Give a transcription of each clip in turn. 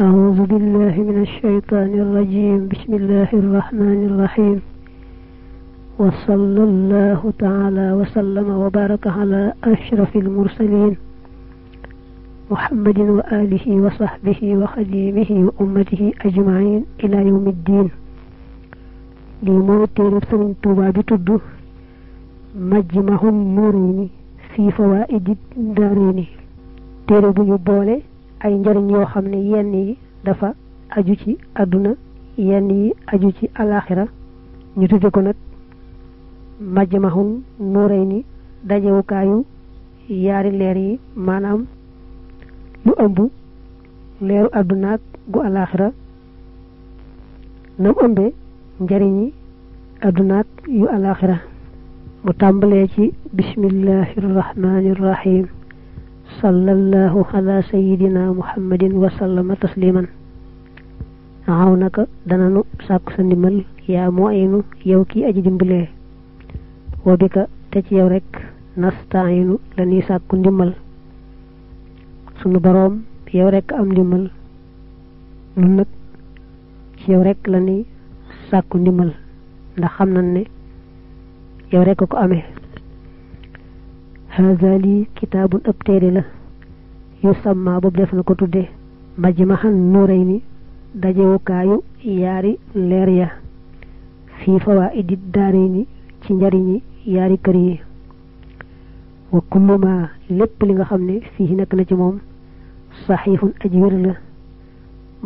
أعوذ بالله من الشيطان الرجيم بسم الله الرحمن الرحيم وصلى الله تعالى وسلم وبارك على أشرف المرسلين محمد وآله وصحبه وخديمه وأمته أجمعين إلى يوم الدين لموت رسل توبا بتدو مجمع النورين في فوائد الدارين تيربو يبولي ay njariñ yoo xam ne yenn yi dafa aju ci àdduna yenn yi aju ci alaxira ñu tudde ko nag majmahun ni dajewukaayu yaari leer yi maanaam lu ëmb leeru àdduna gu alaxira nam ëmbee njëriñi àdduna yu alaxira mu tàmbalee ci bismillahi sallallahu ala sayidina muhammadin wa sallama tasliman aw naka dananu sàkku sa ndimbal yaa moo aynu yow kii aji dimbalee wa bi ka te ci yow rek nastaayinu la ñuy sàkku ndimbal sunu boroom yow rekk am ndimbal nun nag ci yow rek la ñuy sàkku ndimbal ndax xam nañ ne yow rek ko amee haza lii kitaabun ab téere la yu sàmma boobu def na ko tudde majmahan nuurayni dajewukaayu yaari leer ya fii fawaa'idi daarayni ci njariñi yaari kër yi wa kullu lépp li nga xam ni fii nekk na ci moom saxiifun aji wér la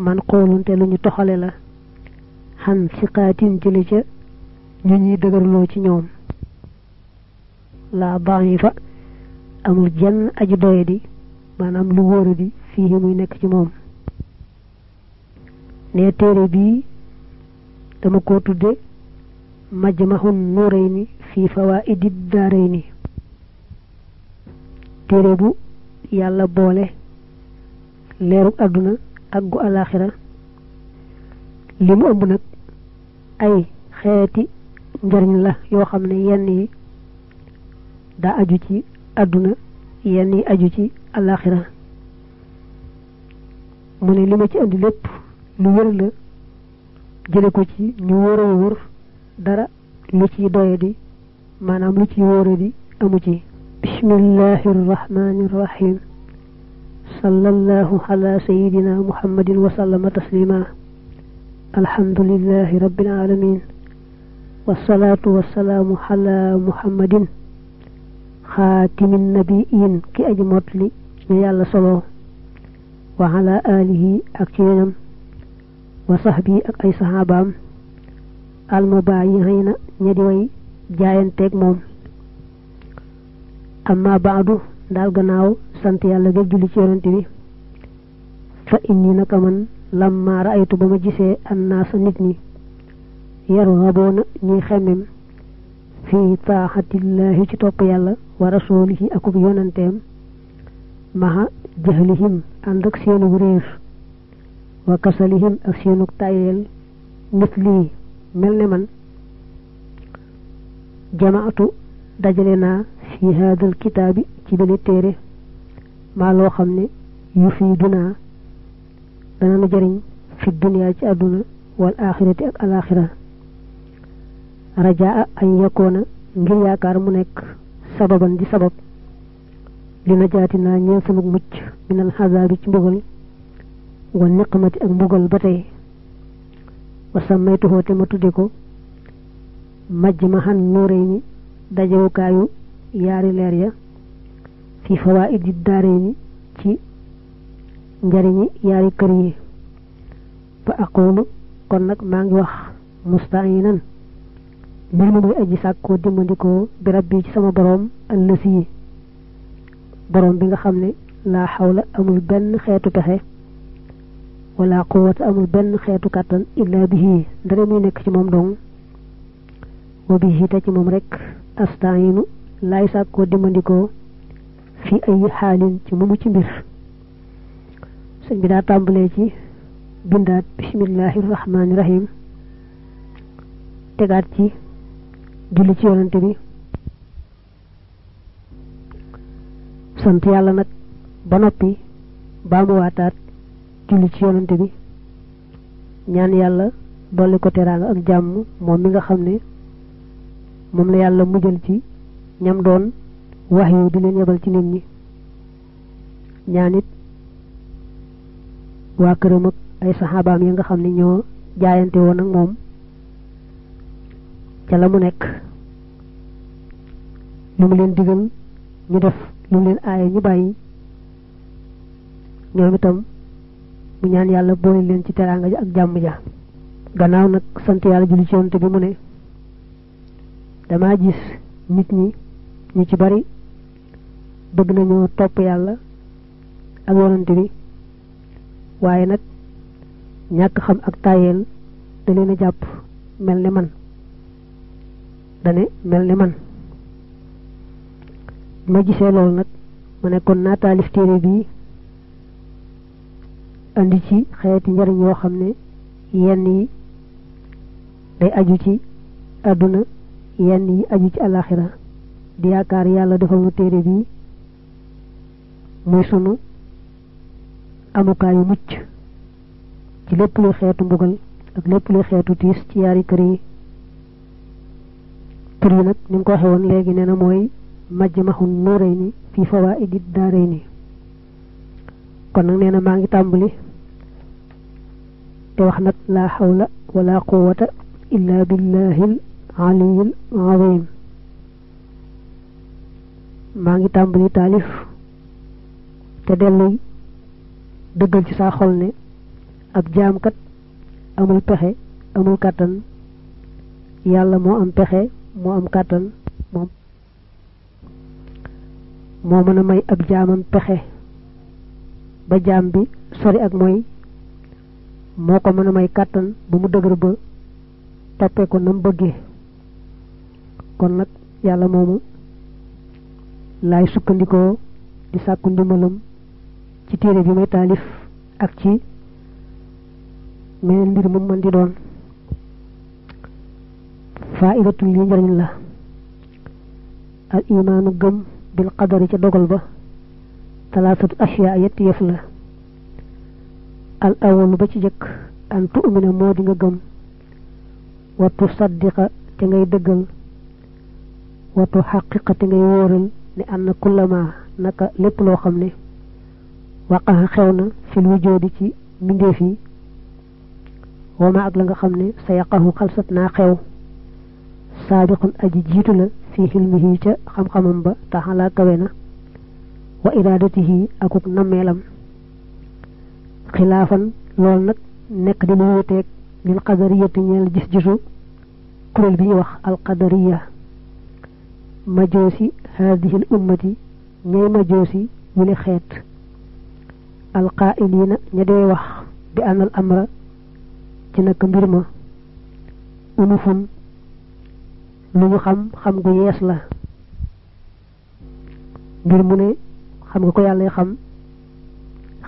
man xoolunte lu ñu toxale la xan siqaatin jële ca ñu ñuy dëgërloo ci ñoom laa baax yi fa amul jenn aju doye di maanaam lu wóoru di fii muy nekk ci moom ne téere bii dama ko tudde majmahun nurayni fii fawaidi daarayni téere bu yàlla boole leerug àdduna ak gu alaaxira li mu ëmb nag ay xeeti njariñ la yoo xam ne yenn yi daa aju ci àdduna yenn yi aju ci àllaaxira mu ne lima ma ci andi lépp lu wér la jële ko ci ñu wóor dara lu ciy doye di maanaam lu ciy wóora di amu ci bismillahi irrahmani irrahim sallallahu ala sayidina muhammadin wa sallama taslima alhamdulillahi rabbil alamin wasalaatu wasalaamu ala muhammadin xaatimin nabiyin ki aji motli ñu yàlla solo wa ala alihi ak ci ñoñam wa sahbi ak ay saxaabaam almubaayihina ña di way jaayanteeg moom amma baadu daal gannaaw sant yàlla ga julli ci yonent bi fa inni naka man lamma raaytu ba ma gisee annaasa nit ñi yarhaboona ñuy xemmem fii taaxatillaahi ci topp yàlla wa rasuulihi akub yonanteem maha jahlihim ànd ak seenug réer wa kasalihim ak seenug tayeel nit lii mel ne man jamaatu dajale naa fi haadal kitaabi ci bile téere maa loo xam ne yu fii dunaa dana nu jëriñ fi duniyaa ci àdduna wal aaxirati ak alaaxira rajaa an yakoona ngir yaakaar mu nekk sababan di sabab li najaati naa ñeel sama mucc minal xasaabi ci mbugal wa niqmati ak mbugal ba tey wa sammaytuhoo te ma tudde ko majj ma xan nuuree dajewukaayu yaari leer ya fi fawaa'idi daaree ni ci njariñi yaari kër yi fa aqulu kon nag maa ngi wax mustaayinan mbir ma muy aji sàkkoo dimbandikoo bi rabbi ci sama boroom allësi yi boroom bi nga xam ne laa xawla amul benn xeetu pexe wala quwwata amul benn xeetu kàttan illa bihi dara muy nekk ci moom dong wa bihi te ci moom rek astainu laay sàkkoo dimbandikoo fi ay xaalin ci mu ci mbir sëñ bi daa tàmbalee ci bindaat bismillahi rahmaani tegaat ci julli ci yonante bi sant yàlla nag ba noppi baa mu waataat julli ci yonante bi ñaan yàlla dolli ko teraanga ak jàmm moom mi nga xam ne moom la yàlla mujjal ci ñam doon wax yu di leen yebal ci nit ñi ñaan it waa këram ak ay saxaabaam yi nga xam ne ñoo jaayante woon ak moom ca la mu nekk lu mu leen digal ñu def lu mu leen aaye ñu bàyyi ñoom itam mu ñaan yàlla boole leen ci teraanga ja ak jàmm ja gannaaw nag sant yàlla julli ci yonte bi mu ne damaa gis nit ñi ñu ci bari bëgg nañoo topp yàlla ak yonante bi waaye nag ñàkk xam ak tayeel da leen a jàpp mel ne man dane mel ni man ma gisee loolu nag ma ne kon naa taalif téere bii andi ci xeeti njariñ yoo xam ne yenn yi day aju ci àdduna yenn yi aju ci alaxira di yaakaar yàlla defal nu téere bii muy sunu amukaayu mucc ci lépp luy xeetu mbugal ak lépp luy xeetu tiis ci yaari kër yi tur yi nag ni ko waxee léegi nee na mooy majmahun nurayni fi fawaidi daarayni kon nag nee na maa ngi tàmbali te wax nag laa xawla wala quwata illa billahil aliyil azim maa ngi tàmbali taalif te dellu dëggal ci saa xol ne ab jaamkat amul pexe amul kàttan yàlla moo am pexe moo am kàttan moom moo mën a may ab jaamam pexe ba jaam bi sori ak mooy moo ko mën a may kàttan bu mu dëgër ba toppee ko na mu kon nag yàlla moomu laay sukkandikoo di sàkku ndimbalam ci téere bi may taalif ak ci meneen mbir mu mën di doon faa'idatun lii njëriñ la al imaanu gëm bil qadari ca dogal ba talaasatu ashyaa yetti yëf la al awalu ba ci jëkk an tu'mina moo di nga gëm wa tusaddiqa te ngay dëggal wa tuxaqiqa te ngay wóoral ne anna kullama naka lépp loo xam ne waqaxa xew na fil wujoodi ci mbindeef yi wama ak la nga xam ne sa yaqaxu xalsat naa xew saabiqun aji jiitu la fii xilmihi ca xam-xamam ba taxalaa kawe na wa iraadatihi akuk nammeelam xilaafan loolu nag nekk di lu wuteeg lil qadariyati ñeel gis-gisu kuréel bi ñuy wax alqadariya majoosi haadihil ummati ñay majoosi wuli xeet alqaa'iliina ña dee wax bi anal amra ci naka mbir ma unufun li mu xam xam gu yees la ngir mu ne xam nga ko yàlla xam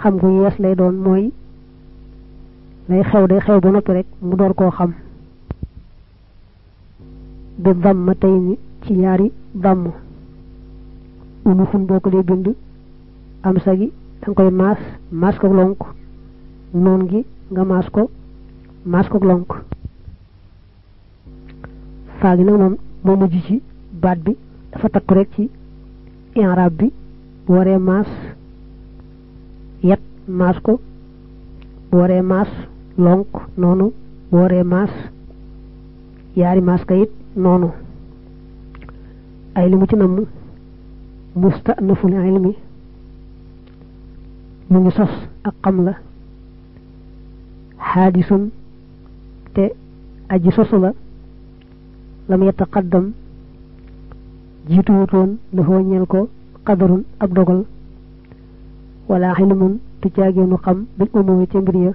xam gu yees lay doon mooy day xew day xew ba noppi rek mu door koo xam bi ma tey ni ci ñaari bàmm unu fun boo ko dee bind am sa gi danga koy maas maas ko lonk noon gi nga maas ko maas ko lonk faa gi nag moom moo mujj ci baat bi dafa takku rekk ci inrab bi bu waree maas yat maas ko bu waree maas lonk noonu bu waree maas yaari maas ka it noonu ay li mu ci namm mustanaful ilmi mu ngi sos ak xam la xaadisun te aji sosu la lam yataqaddam jiituwutoon dafa ñeel ko xadarun ab dogal wala xilmun tu caageenu xam bil umumi ca mbir ya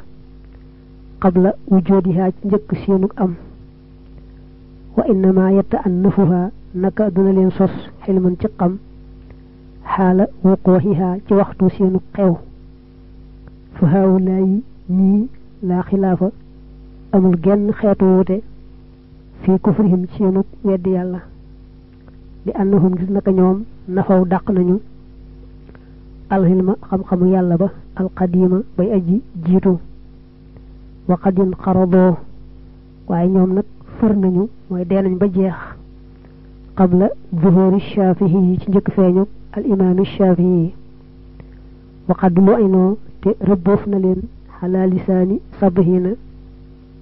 qabla wujoodihaa ci njëkk seenug am wa innama yetta annafuha naka dina leen sos xilmun ci xam xaala wuquuxihaa ci waxtu seenug xew fa haawulaa yi laa xilaafa amul genn xeetu wuute fii kufrihim ci seenug weddi yàlla li annahum gis naka ñoom nafaw dàq nañu alxilma xam-xamu yàlla ba alxadiima bay aji jiitu waqadin xaraboo waaye ñoom nag fër nañu mooy dee nañ ba jeex qabla zuhuri shafii yi ci njëkk feeñu al imaami shafii yi waqad lu aynoo te rëbboof na leen xalaalisaani sabihiina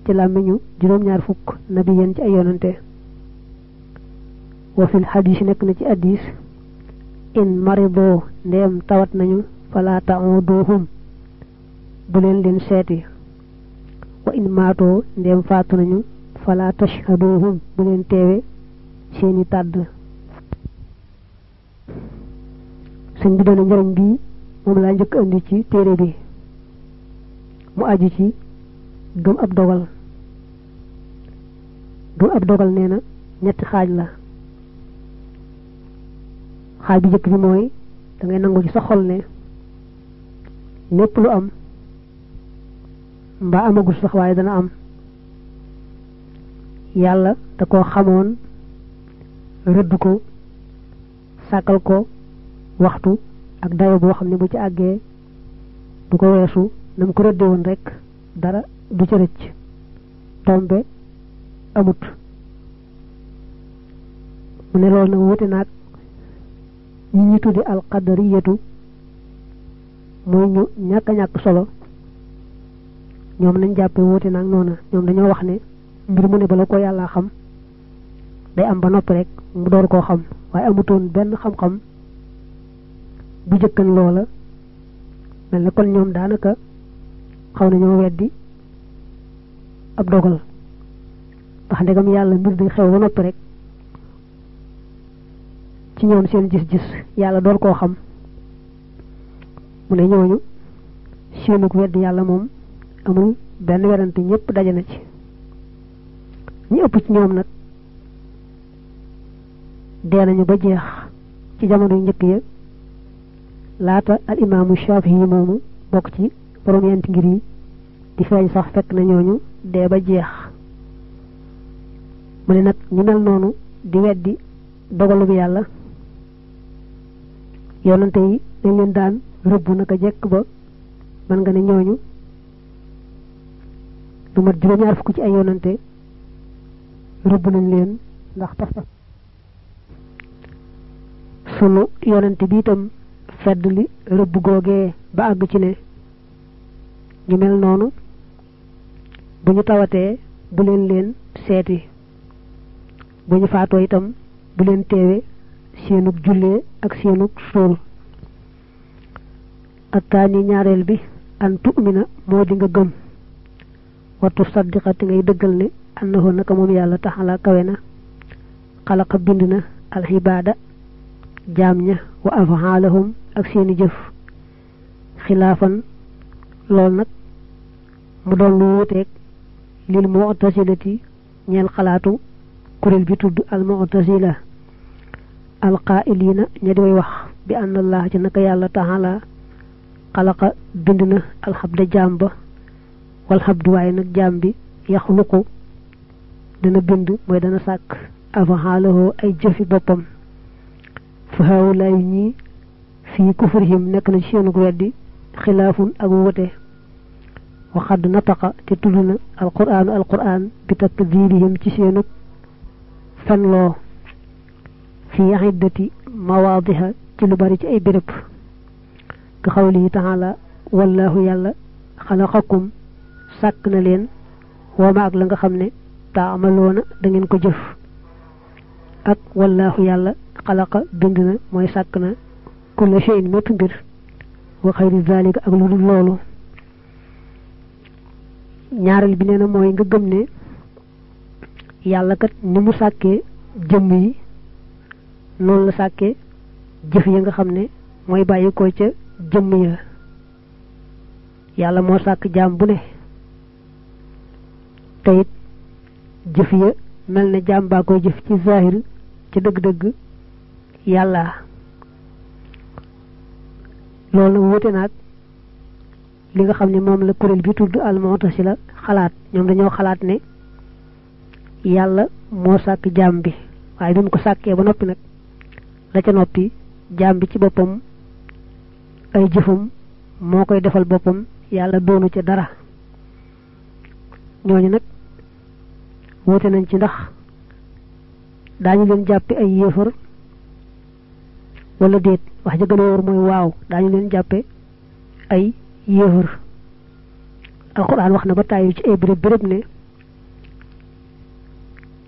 ci làmmiñu juróom-ñaar fukk nabi yéen ci ay yonante wa fil xadiis nekk na ci hadiis in marido ndeem tawat nañu fala ta'uduhum bu leen leen seeti wa in maatoo ndeem faatu nañu fala tashhaduhum bu leen teewe seeni tàdd sëñ bi doon njëriñ moom laa njëkk andi ci téere bi mu aju ci gëm ab dogal du ab dogal nee na ñetti xaaj la xaaj bu njëkk bi mooy da ngay nangu ci sa xol ne lépp lu am mbaa amagul sax waaye dana am yàlla da koo xamoon rëdd ko sàkkal ko waxtu ak dayo boo xam ne bu ci àggee du ko weesu na ko rëdde woon rek dara du ca rëcc tombe amut mu ne loolu nag wuute naag ñi ñu tuddi alqadariyatu mooy ñu ñàkk ñàkk solo ñoom nañ jàppe wuute naag noona ñoom dañoo wax ne mbir mu ne bala ko yàllaa xam day am ba noppi rek mu door koo xam waaye amutoon benn xam-xam bu jëkkan loola mel na kon ñoom daanaka xaw nañoo weddi ab dogal ndax ndegam yàlla mbir di xew ba noppi rek ci ñoom seen gis-gis yàlla door koo xam mu ne ñooñu seenuk wedd yàlla moom amul benn werante ñëpp daje na ci ñi ëpp ci ñoom nag dee nañu ba jeex ci jamono yu njëkk ya laata al imaamu Shaafi yi moomu bokk ci borom yent ngir yi di feeñ sax fekk na ñooñu dee ba jeex mu ne nag ñu mel noonu di weddi dogalu yàlla yonante yi dañ leen daan rëbb naka jekk ba mën nga ne ñooñu lu juróom-ñaar fukk ci ay yonante rëbb nañ leen ndax tax sunu yonante bi itam fedd li rëbb googee ba àgg ci ne ñu mel noonu bu ñu tawatee bu leen leen seeti bu faatoo itam bu leen teewe seenug jullee ak seenug suul attaani ñaareel bi an tu'mina moo di nga gëm wattu saddiqati ngay dëggal ne annahu naka moom yàlla taxala kawe na xalaqa bind na alxibaada jaam ña wa afaalahum ak seeni jëf xilaafan lool nag mu doon lu wuuteeg lil mu'tasilati ñeel xalaatu kuréel bi tudd al mu'tazila al qaa'iliina ña way wax bi anna allah ci naka yàlla taala xalaqa bind na alxabda jaam ba wal xabdu waaye nag jaam bi yaxluqu dana bind mooy dana sàkk afaxaalahoo ay jëfi boppam fa haawulaay ñii fii kufrihim nekk na ci seenu weddi xilaafun ak wute waxad nataqa te tudd na alquraanu alquraan bi takdiirihim ci seenug fenloo fi iddati mawaadiha ci lu bari ci ay béréb ka xawlihi taala wallaahu yàlla xalaqakum sàkk na leen wooma ak la nga xam ne taamaloona dangeen ko jëf ak wallaahu yàlla xalaqa bind na mooy sàkk na kulla shay'in mépp mbir wa xayri ak lu dul loolu ñaareel bi nee mooy nga gëm ne yàlla kat ni mu sàkkee jëmm yi noonu la sàkkee jëf yi nga xam ne mooy bàyyi ko ca jëmm ya yàlla moo sàkk jaam bu ne te jëf ya mel na jaam baa koy jëf ci zahir ci dëgg-dëgg yàlla loolu wute naag li nga xam ne moom la kuréel bi tudd al mu'tasila xalaat ñoom dañoo xalaat ne yàlla moo sàkk jaam bi waaye bi mu ko sàkkee ba noppi nag la ca noppi jaam bi ci boppam ay jëfam moo koy defal boppam yàlla doonu ca dara ñooñu nag woote nañ ci ndax daañu leen jàppe ay yéefar wala déet wax ja gën a mooy waaw daañu leen jàppe ay yéefar alxuraan wax na ba tàyyi ci ay béréb béréb ne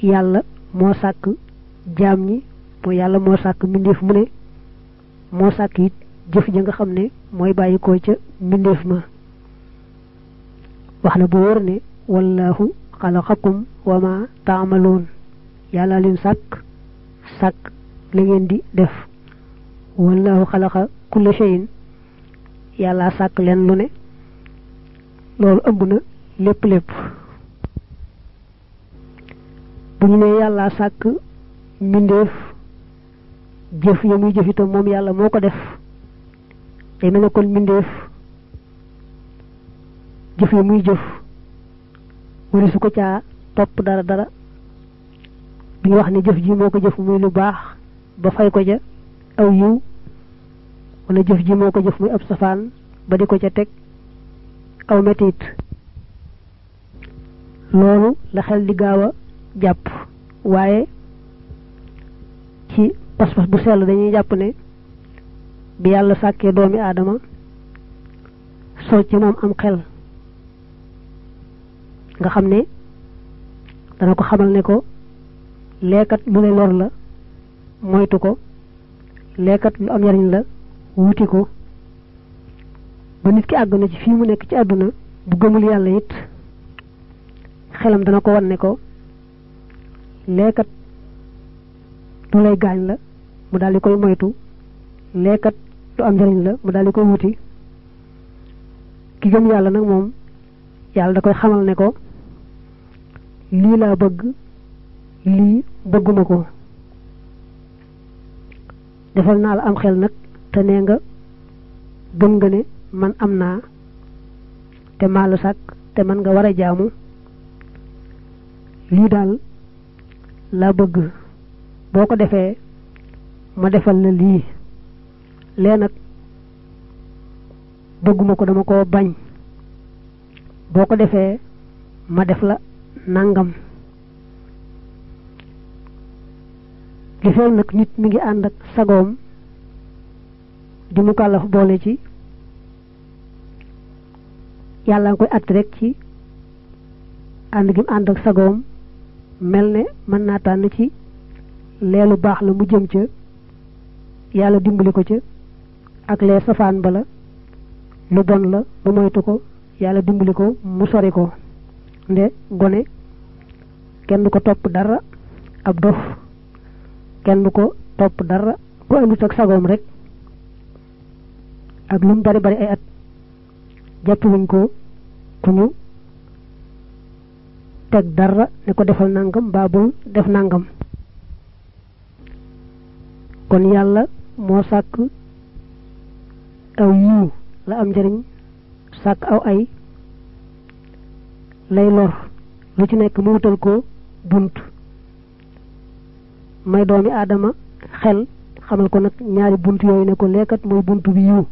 yàlla moo sàkk jaam ñi mooy yàlla moo sàkk mbindeef mu ne moo sàkk it jëf ja nga xam ne mooy bàyyi ko ca mbindeef ma wax na bu wóor ne wallahu xalaqakum wa ma taamaloon yàlla leen sàkk sàkk la ngeen di def wallahu xalaqa kulla shay'in yàlla sàkk leen lu ne loolu ëmb na lépp lépp bu ñu nee yàlla sàkk mbindeef jëf ya muy jëf itam moom yàlla moo ko def day mel ne jëf ya muy jëf wari su ko caa topp dara dara bi ñu wax ne jëf ji moo ko jëf muy lu baax ba fay ko ca aw yiw wala jëf ji moo ko jëf muy ab safaan ba di ko ca teg aw metit loolu la xel di gaaw jàpp waaye ci pas-pas bu sell dañuy jàpp ne bi yàlla sàkkee doomi aadama sol ci moom am xel nga xam ne dana ko xamal ne ko leekat lu lay lor la moytu ko leekat lu am njariñ la wuti ko ba nit ki àgg na ci mu nekk ci àdduna bu gëmul yàlla it xelam dana ko wan ne ko leekat lu lay gaañ la mu daal di koy moytu leekat lu am njëriñ la mu daal di koy wuti ki gëm yàlla nag moom yàlla da koy xamal ne ko lii laa bëgg lii bëgguma ko defal naa la am xel nag te nee nga gëm nga ne man am naa te maa la sàkk te man nga war a jaamu lii daal laa bëgg boo ko defee ma defal la lii lee nag bëgguma ko dama koo bañ boo ko defee ma def la nangam li feew nag nit mu ngi ànd ak sagoom di mu kàllaf boole ci yàlla nga koy àtt rek ci ànd gi mu ànd ak sagoom mel ne mën naa tànn ci leelu baax la mu jëm ca yàlla dimbali ko ca ak lee safaan ba la lu bon la mu moytu ko yàlla dimbali ko mu sori ko nde gone kenn du ko topp dara ab dof kenn du ko topp dara ku andut ak sagoom rek ak lu mu bari bari ay at jàpp wuñ ko ku ñu teg dara ne ko defal nangam baa bul def nangam kon yàlla moo sàkk aw yiw la am njëriñ sàkk aw ay lay lor lu ci nekk mu wutal ko bunt may doomi aadama xel xamal ko nag ñaari bunt yooyu ne ko lekkat mooy bunt bi yiw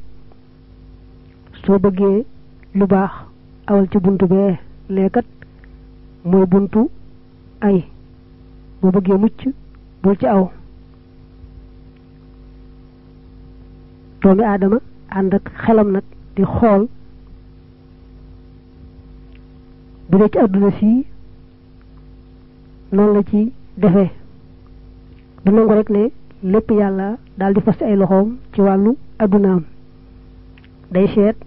soo bëggee lu baax awal ci bunt bee lekkat mooy buntu ay bu bëggee mucc bul ci aw doomi aadama ànd ak xelam nag di xool bu dee ci àdduna sii noonu la ci defee du nangu rek ne lépp yàlla daal di fas ay loxoom ci wàllu àddunaam day seet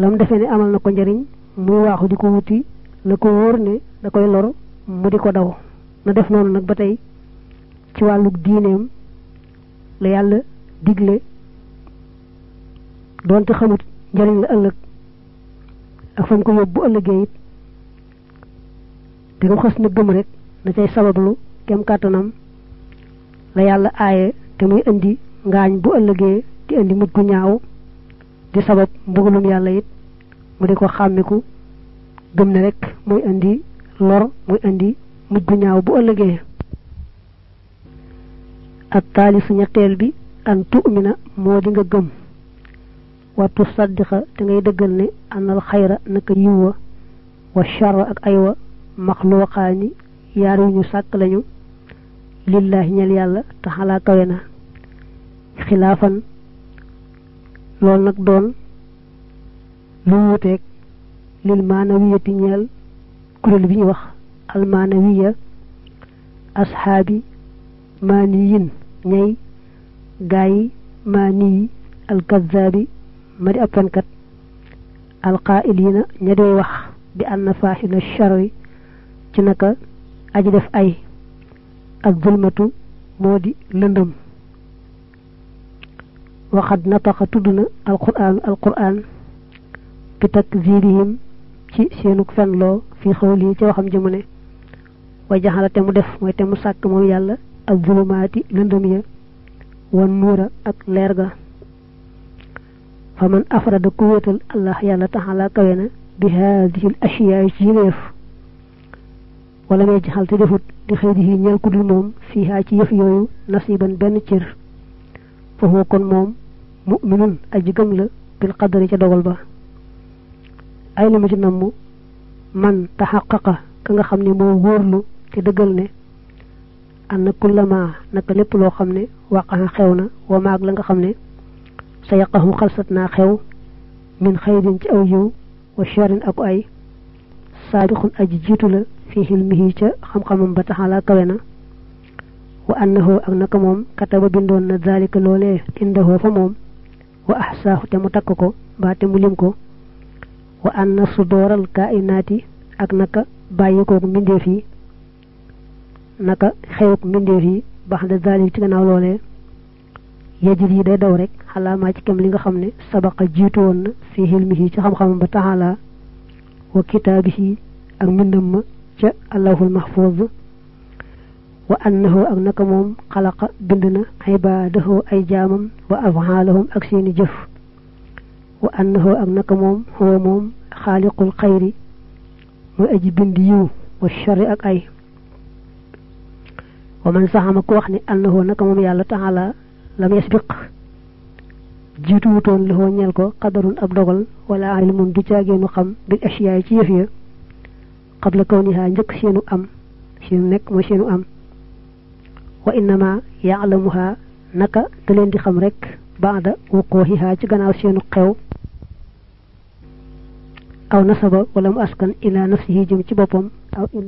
lam defee ne amal na ko njariñ muy waaxu di ko wuti la ko wóor ne da koy lor mu di ko daw na def noonu nag ba tey ci wàllu diineem la yàlla digle doonte xamut njëriñ la ëllëg ak fa ko yóbbu ëllëgee it te nga xas na gëm rek na cay sabablu kem kàttanam la yàlla aaye te muy indi ngaañ bu ëllëgee di indi mujj gu ñaaw di sabab mbugalum yàlla it mu di ko xàmmiku gëm ne rek mooy indi lor mooy indi mujj ñaaw bu ëllëgee ab taalisu ñetteel bi an tu'mina moo di nga gëm wattu saddiqa te ngay dëggal ne anal xayra naka yiwwa wa charra ak aywa maxluuqaani yaar yu ñu sàkk lañu lillaahi ñel yàlla taxalaa kawe na xilaafan loolu nag doon lu wuuteeg lil maanawiyati ñeel kuréel bi ñu wax almaanawiya asxaabi maaniyin ñay gaay maani yi alkazaabi ma di ab fenkat alqaa'iliina ña doy wax bi anna faaxila charri ci naka aji def ay ak zulmatu moo di lëndëm waxat nataxa tudd na alquraan alquraan bi takzibihim ci seenug fenloo fi xawli ci waxam jëmu ne wa jaxala te mu def mooy te mu sàkk moom yàlla ak zulumaati lëndëm ya wan nuura ak leer ga fa man afrada ku wéetal allah yàlla taxala kawe na bi haadihil ashiyaay ci yëleef wala may jaxal te defut di xëy di ñeel ku dul moom fii haa ci yëf yooyu nasiban benn cër foofu kon moom mu'minun aji gëm la bil qadari ca dogal ba ay la mu ci namm man taxaqaqa ka nga xam ne moo wóorlu te dëggal ne anna kullama naka lépp loo xam ne waqaxa xew na wa maag la nga xam ne sa yaqaxu xalsat naa xew min xayrin ci aw yiw wa charin aku ay saabixun aji jiitu la fii xilmihi ca xam-xamam ba taxalaa kawe na wa annahu ak naka moom kataba bindoon na daalika loolee indahoo fa moom wa ahsaahu te mu takk ko mbaa mu lim ko wa su sudooral kainaati ak naka bàyyikook mbindeef yi naka xewook mbindeef yi baax na daal ci gannaaw loolee yajir yi day daw rek xalaamaa ci kem li nga xam ne sabaqa jiitu woon na fi xilmihi ci xam-xamam ba taxalaa wa kitaabihi ak mbindam ma ca allahul mahfuz wa annahu ak naka moom xalaqa bind na ibaadahoo ay jaamam wa afxaalahum ak seeni jëf wa annahu ak naka moom huwa moom xaaliqul xayri mooy aji bind yiw wa sharri ak ay wa man saxama ku wax ni annahu naka moom yàlla taala lam yasbiq jiituwutoon la ñeel ko qadarun ab dogal wala ilmun du caageenu xam bil asiyaay ci yëf ya qabla kawniha njëkk seenu am seenu nekk mooy seenu am wa innama yaalamuha naka da leen di xam rek baada wuquuxihaa ci gannaaw seenu xew aw nasaba walla mu askan ilaa nafsihi jëm ci boppam aw il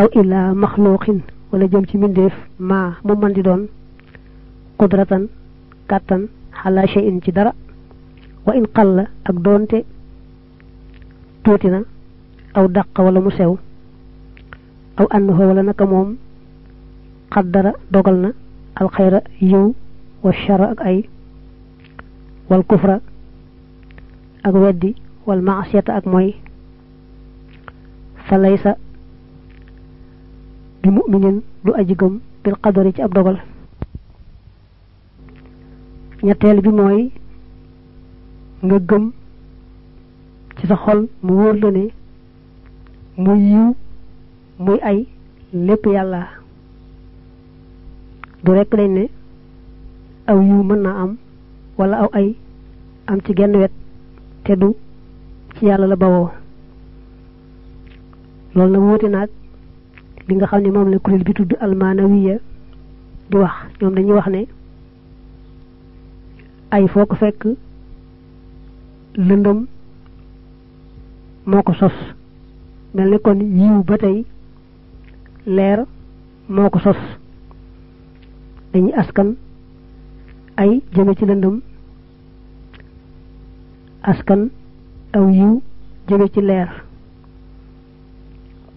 aw ilaa maxluuqin wala jëm ci mbindeef maa mu mën di doon qudratan kàttan xalaa shay'in ci dara wa in qalla ak doonte tuuti na aw dàq wala mu sew aw annahu wala naka moom qaddara dogal na alxayra wa shara ak ay wal kufra ak weddi wal maasiyata ak mooy fa laysa bi muminin du aji gëm bil qadari ci ab dogal ñetteel bi mooy nga gëm ci sa xol mu wóor la ne muy yiw muy ay lépp yàlla du rekk dañ ne aw yiw mën naa am wala aw ay am ci genn wet te du ci yàlla la bawoo loolu nag wóote naag li nga xam ne moom la kuréel bi tudd almaanawiya di wax ñoom dañuy wax ne ay foo ko fekk lëndëm moo ko sos mel ni kon yiw ba tey leer moo ko sos dañuy askan ay jëme ci lëndëm askan aw yiw jëme ci leer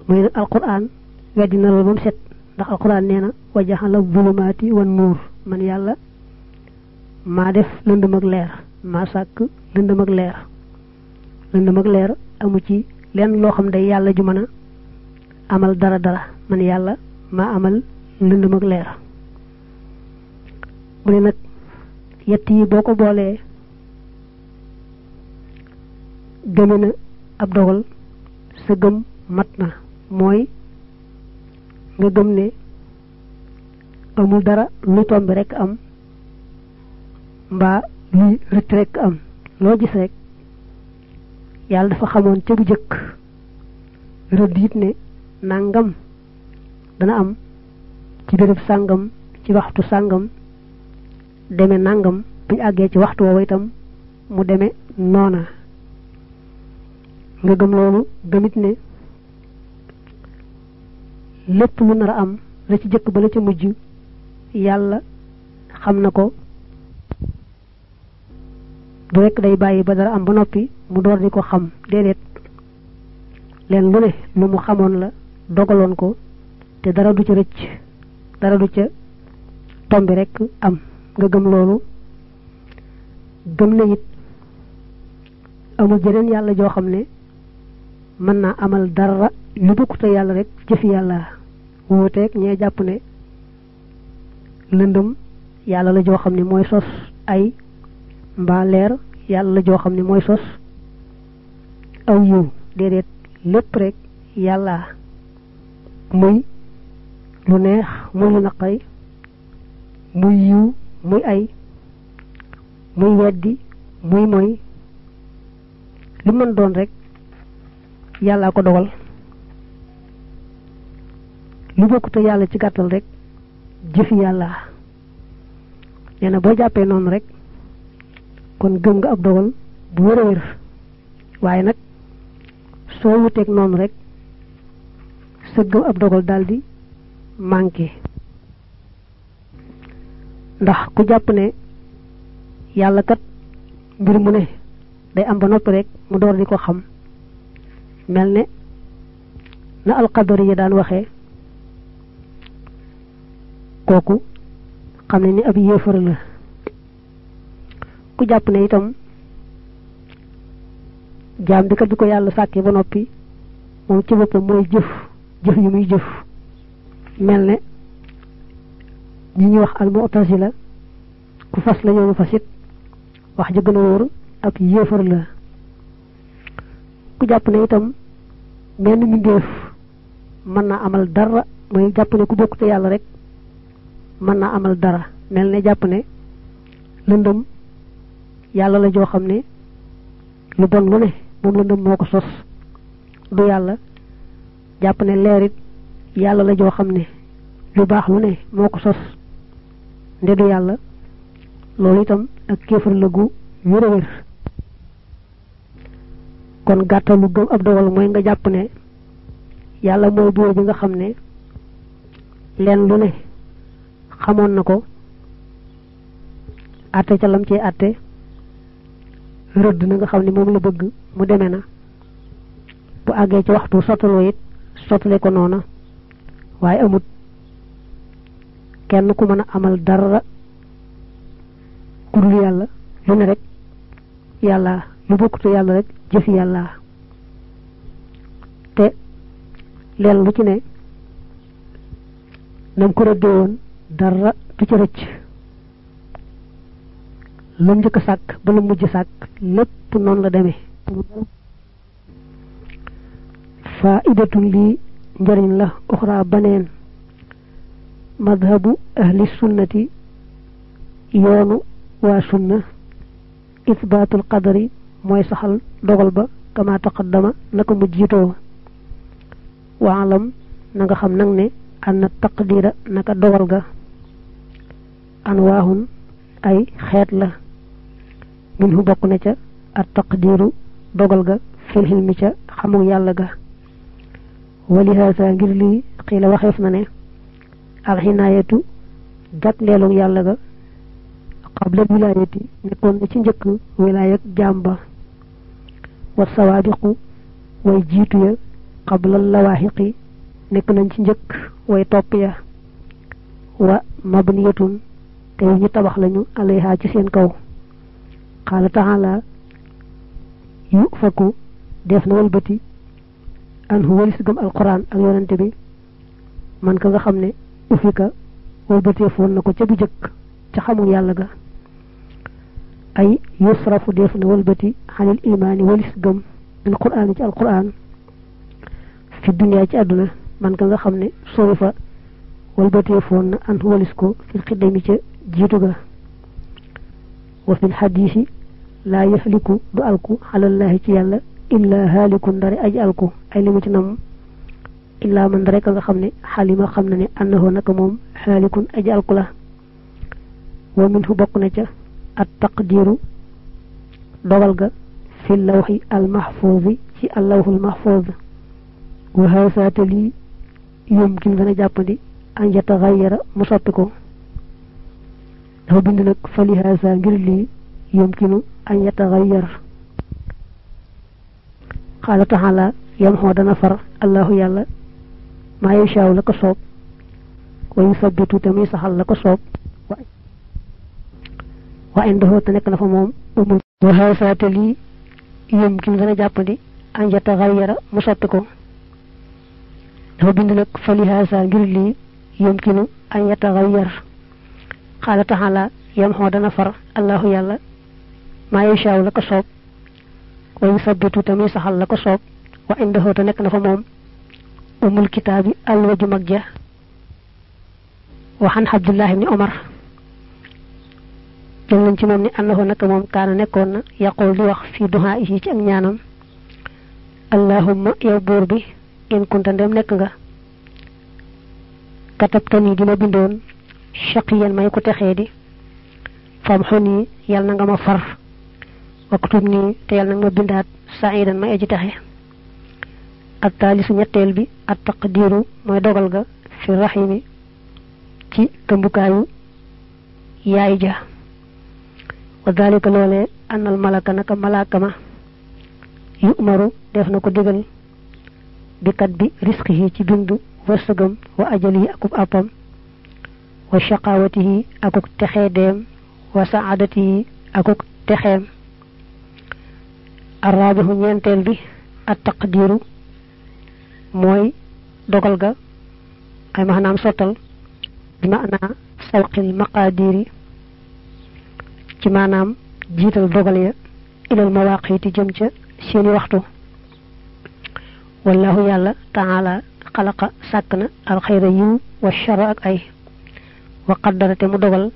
mooy nag alquran weddi na loolu ba set ndax alquran nee na wa jaxala zulumaati wan nuur man yàlla maa def lëndëm ak leer maa sàkk lëndëm ak leer lëndëm ak leer amu ci lenn loo xam day yàlla ju mën a amal dara dara man yàlla maa amal lëndëm ak leer mu ne yett yi boo ko boolee gëme na ab dogal sa gëm mat na mooy nga gëm ne amul dara lu tomb rekk am mbaa luy rëtt rekk am loo gis rekk yàlla dafa xamoon ca bu jëkk rëdd it ne nangam dana am ci béréb sàngam ci waxtu sàngam deme nangam bi àggee ci waxtu woowu itam mu deme noona nga gëm loolu gëmit ne lépp lu nar a am la ci jëkk ba la ca mujj yàlla xam na ko bu rekk day bàyyi ba dara am ba noppi mu door di ko xam déedéet leen lu ne lu mu xamoon la dogaloon ko te dara du ca rëcc dara du ca tombi rekk am nga gëm loolu gëm na it amul jeneen yàlla joo xam ne mën naa amal dara lu bokkute yàlla rek jëfi yàlla wuuteeg ñee jàpp ne lëndëm yàlla la joo xam ne mooy sos ay mbaa yàlla la joo xam ne mooy sos aw yiw déedéet lépp rek yàlla muy lu neex muy lu naqari muy yiw muy ay muy weddi muy mooy lu mën doon rek yàllaa ko dogal ko bokkute yàlla ci gàttal rek jëfi yàlla nee na boo jàppee noonu rek kon gëm nga ab dogal bu wér wér waaye nag soo wuteeg noonu rek sa gëm ab dogal daldi di ndax ku jàpp ne yàlla kat mbir mu ne day am ba noppi rek mu door di ko xam mel ne na alxadari yi daan waxee kooku xam ne ni ab yéefar la ku jàpp ne itam jaam bi kat bi ko yàlla sàkkee ba noppi moom ci boppam mooy jëf jëf yi muy jëf mel ne ñi ñuy wax al la ku fas la ñooñu fas wax ja gën wóor ab yéefar la ku jàpp ne itam menn mbindéef mën naa amal dara mooy jàpp ne ku bokkute yàlla rek mën naa amal dara mel ne jàpp ne lëndëm yàlla la joo xam ne lu bon lu ne moom lëndëm moo ko sos du yàlla jàpp ne leerit yàlla la joo xam ne lu baax lu ne moo ko sos ndedu yàlla loolu itam ak kéefar la gu wér a kon gàttalu gëm ab dogal mooy nga jàpp ne yàlla mooy buur bi nga xam ne leen lu ne xamoon na ko atte ca lam cee atte rëdd na nga xam ni moom la bëgg mu demee na bu àggee ci waxtu sottaloo it sottale ko noona waaye amut kenn ku mën a amal dara ku yàlla lu ne rek yàlla lu bokkute yàlla rek jëfi yàlla te leen lu ci ne nam ko rëddee woon dara du ca rëcc lam njëkk sàkk ba la mujj sàkk lépp noonu la demee faa idatun lii njëriñ la uxraa baneen madhabu ahli sunnati yoonu waa sunna isbaatul qadari mooy saxal dogal ba kama taqaddama naka mu jiitoo waalam na nga xam nag ne anna taqdira naka dogal ga anwaahun ay xeet la min hu bokk na ca at taqdiru dogal ga fil xilmi ca xamug yàlla ga wali haasa ngir lii xiila waxeef na ne alxinaayatu gat leelug yàlla ga xabla wilaayati nekkoon na ci njëkk wilaayak jaam ba wa sawaabiqu way jiitu ya xabla lawaaxiqi nekk nañ ci njëkk way topp ya wa mabniyatun te yu ñu tabax lañu alayha ci seen kaw xaala taxaala yu fakku def na walbati an hu walis gëm alquran ak yonante bi man ka nga xam ne ufika wëlbatee foon na ko ca bu jëkk ca xamul yàlla ga ay yusrafu def na wëlbati xanil imaani walis gëm al quraan ci al quraan fi duniyaa ci àdduna man ka nga xam ne sori fa walbatee foon an walis ko fil xiddami ca jiitu ga wa fil xadiisi laa yaxliku du alku xalallaahi ci yàlla illaa haalikun ndare aji alku ay limu ci nam illaa man rek nga xam ne xalima xam na ne annahu naka moom xaalikun aji alku la wa min fu bokk na ca at taqdiru dogal ga fi lawxi almahfuusi ci allawxul mahfuus wa haasaata lii yumkin dana jàppandi an yataxayara mu soppi ko dafa bind nag fa li haasa ngir lii yumkinu an yataxayara xaala taxaala yam xoo dana far allahu yàlla maa yashaaw la ko soob wa yusabitu te muy saxal la ko soob wa indahu te nekk na fa moom umul wa haasate lii yëm ki dana jàppandi anjata xayyara mu soppi ko dafa bind nag fali haasa ngir lii yëm ki nu anjata xayyar xaala taxala yam xoo dana far allahu yàlla maa yashaaw la ko soob wa yusabitu te muy saxal la ko soob wa indahu te nekk na fa moom umul kitaabi alwa ju mag ja waxan abdullahi ibni omar jël nañ ci moom ni annahu naka moom kaana nekkoon na yaqul di wax fii duhaa yi ci ak ñaanam allahumma yow buur bi in ndem nekk nga katabtani di ma bindoon shaqiyan may ku texee di famxu nii yàlla na nga ma far waktub nii te yàlla na nga ma bindaat saidan may aji texe ak taalisu ñetteel bi ak taqdiiru mooy dogal ga fi raximi ci tëmbukaayu yaay ja wa dalika loolee annal malaka naka malaaka ma yu def na ko digal bi kat bi risque ci bindu wërsëgam wa ajal yi akub àppam wa shaqawati yi akuk texeedeem wa saadati yi akuk texeem arraabihu ñeenteel bi at taqdiiru mooy dogal ga ay maanaam sottal bi maanaa sawqil maqaadiri ci maanaam jiital dogal ya ilal mawaqiti jëm ca seeni waxtu wallahu yàlla taala xalaqa sàkk na alxayra yiw wa shara ak ay wa qaddara te mu dogal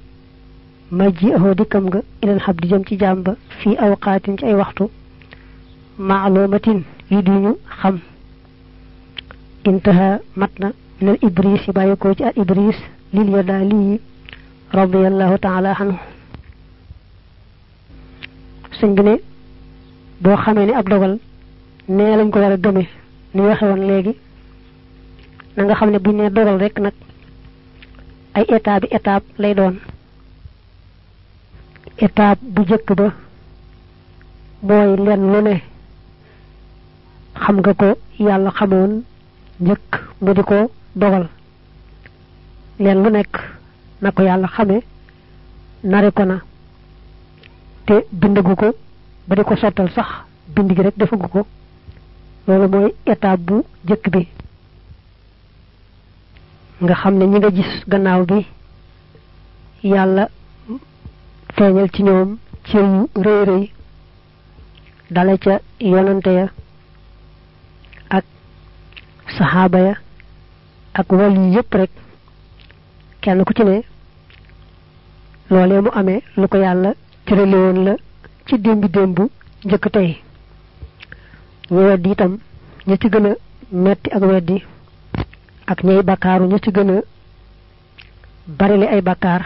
ma ji ahoo dikkam nga ilal xab di jëm ci jàmm ba fii awqaatin ci ay waxtu maalumatin yu duñu xam intaha mat na minal ibris yi bàyyi ko ci al ibris lil yadaa lii radiallahu taala anhu bi ne boo xamee ni ab dogal nee lañ ko war a gëme ni waxe léegi na xam ne buñ ne dogal rek nag ay état bi lay doon étape bu jëkk ba mooy lenn lu ne xam nga ko yàlla xamoon njëkk mu di ko dogal leen lu nekk na ko yàlla xame nare ko na te bindagu ko ba di ko sottal sax bind gi rek defagu ko loolu mooy étape bu jëkk bi nga xam ne ñi nga gis gannaaw bi yàlla feeñal ci ñoom ci rëy rëy dale ca yonante ya saxaaba ya ak wàll yi yëpp rek kenn ku ci ne loolee mu amee lu ko yàlla cërale woon la ci démbi démb njëkk tey ñu weddi itam ña ci gën a metti ak weddi ak ñay bakkaaru ña ci gën a barile ay bakkaar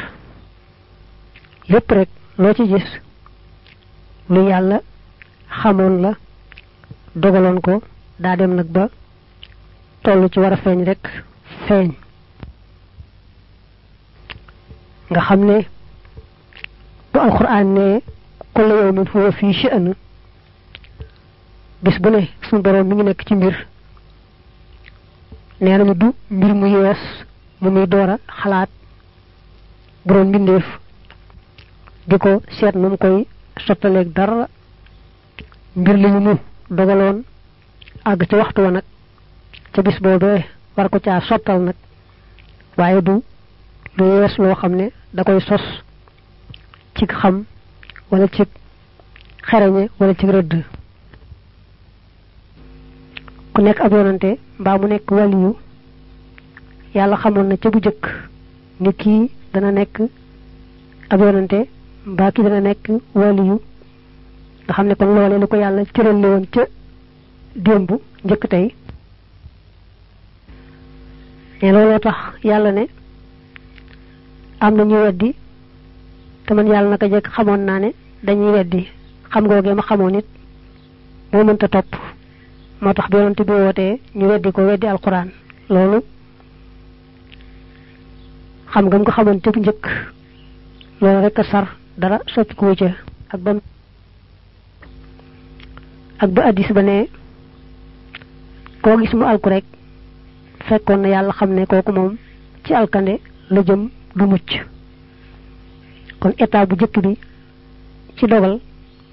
yëpp rek loo ci gis lu yàlla xamoon la dogaloon ko daa dem nag ba toll ci war a feeñ rek feeñ nga xam ne bu alxuraan ne kulla yawmin huwa fii sha'n bis bu ne suñu borom ngi nekk ci mbir nee du mbir mu yees mu muy door xalaat bu doon mbindeef di ko seet nu mu koy sottaleeg dara mbir li ñu mu dogaloon àgg ci waxtu wa nag ca bis boobee war ko caa soppal nag waaye du lu yees loo xam ne da koy sos ci xam wala ci xereñe wala ci rëdd ku nekk ab yonante mbaa mu nekk waliyu yàlla xamoon na ca bu kii dana nekk ab yonante mbaa nekk waliyu nga xam ne kon loolee lu ko yàlla cëral woon ca bu njëkk tey ne looloo tax yàlla ne am na ñu weddi te man yàlla naka jekk xamoon naa ne dañuy weddi xam googee ma xamoon it moo mënta topp moo tax bi yonent bi wootee ñu weddi ko weddi alquran loolu xam nga mu ko xamoon te bu njëkk loolu rek a sar dara soppi ca ak ba ak ba addis ba ne koo gis mu alku rek fekkoon na yàlla xam ne kooku moom ci alkande la jëm du mucc kon état bu jëkk bi ci dogal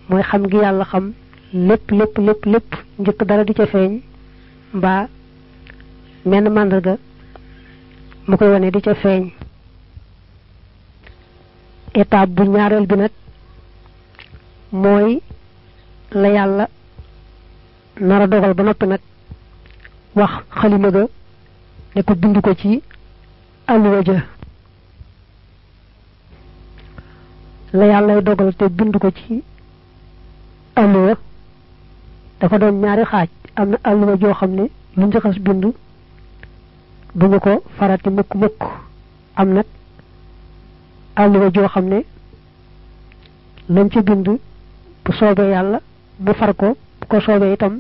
mooy xam gi yàlla xam lépp lépp lépp njëkk dara di ca feeñ mbaa menn màndarga mu koy wane di ca feeñ étape bu ñaareel bi nag mooy la yàlla nara dogal ba noppi nag wax xalima ga ne ko bind ko ci alluwa ja la yàllay dogal te bind ko ci alluwa dafa doon ñaari xaaj am na alluwa joo xam ne lu njëxas bind du nga ko farati mukk mukk am nag alluwa joo xam ne lañ ca bind bu soobee yàlla mu far ko bu ko soobee itam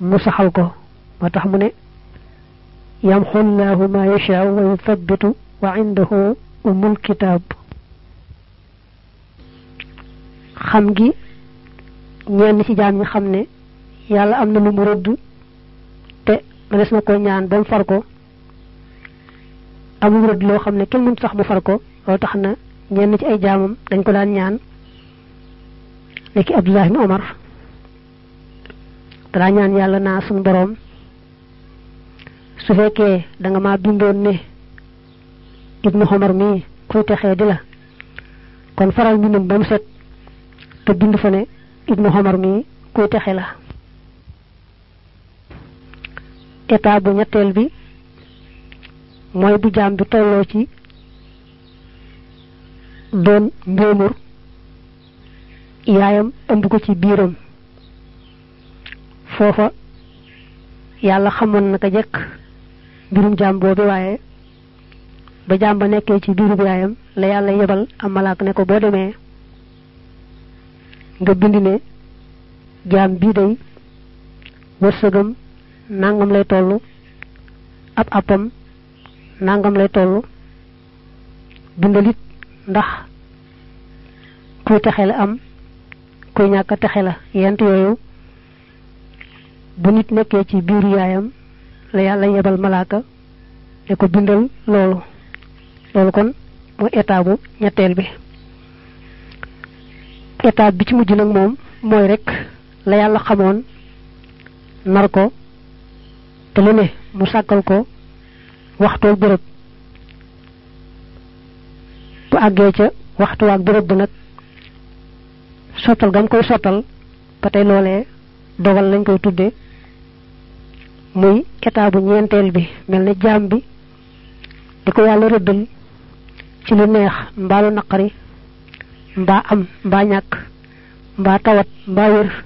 mu saxal ko moo tax mu ne yamxu llaahu ma yashaau wa yuthabitu wa indahu umul kitaab xam gi ñenn ci jaam yi xam ne yàlla am na lu mu rëdd te mënees na ko ñaan ba mu far ko amul rëdd loo xam ne kenn mënut tax mu far ko loolu tax na ñenn ci ay jaamam dañ ko daan ñaan léegi Abdullah ibn Omar danaa ñaan yàlla naa suñu boroom su fekkee da ma bindoon ne ibnu xomar mii kuy texee di la kon faral mbindam ba mu set te bind fa ne ibnu xomar mii kuy texe la état bu ñetteel bi mooy bu jaam bi tolloo ci doon mbóomur yaayam ëmb ko ci biiram foofa yàlla xamoon na ko jekk mbirum jaam boobu waaye ba jaam ba nekkee ci biirub yaayam la yàlla yebal am malaak ne ko boo demee nga bind ne jaam bii day wërsëgam nangam lay toll ab appam nangam lay toll bindalit ndax kuy texe la am kuy ñàkk texe la yent yooyu bu nit nekkee ci biiru yaayam la yàlla yebal malaaka ne ko bindal loolu loolu kon mooy état ñetteel bi état bi ci mujj nag moom mooy rek la yàlla xamoon nar ko te lu ne mu sàkkal ko waxtoo bërëb bu àggee ca waxtuwaak bërëb ba nag sottal gam koy sottal ba tey loolee dogal lañ koy tudde muy état bu ñeenteel bi mel ne jaam bi di ko yàlla rëddal ci lu neex mbaa lu naqari mbaa am mbaa ñàkk mbaa tawat mbaa wér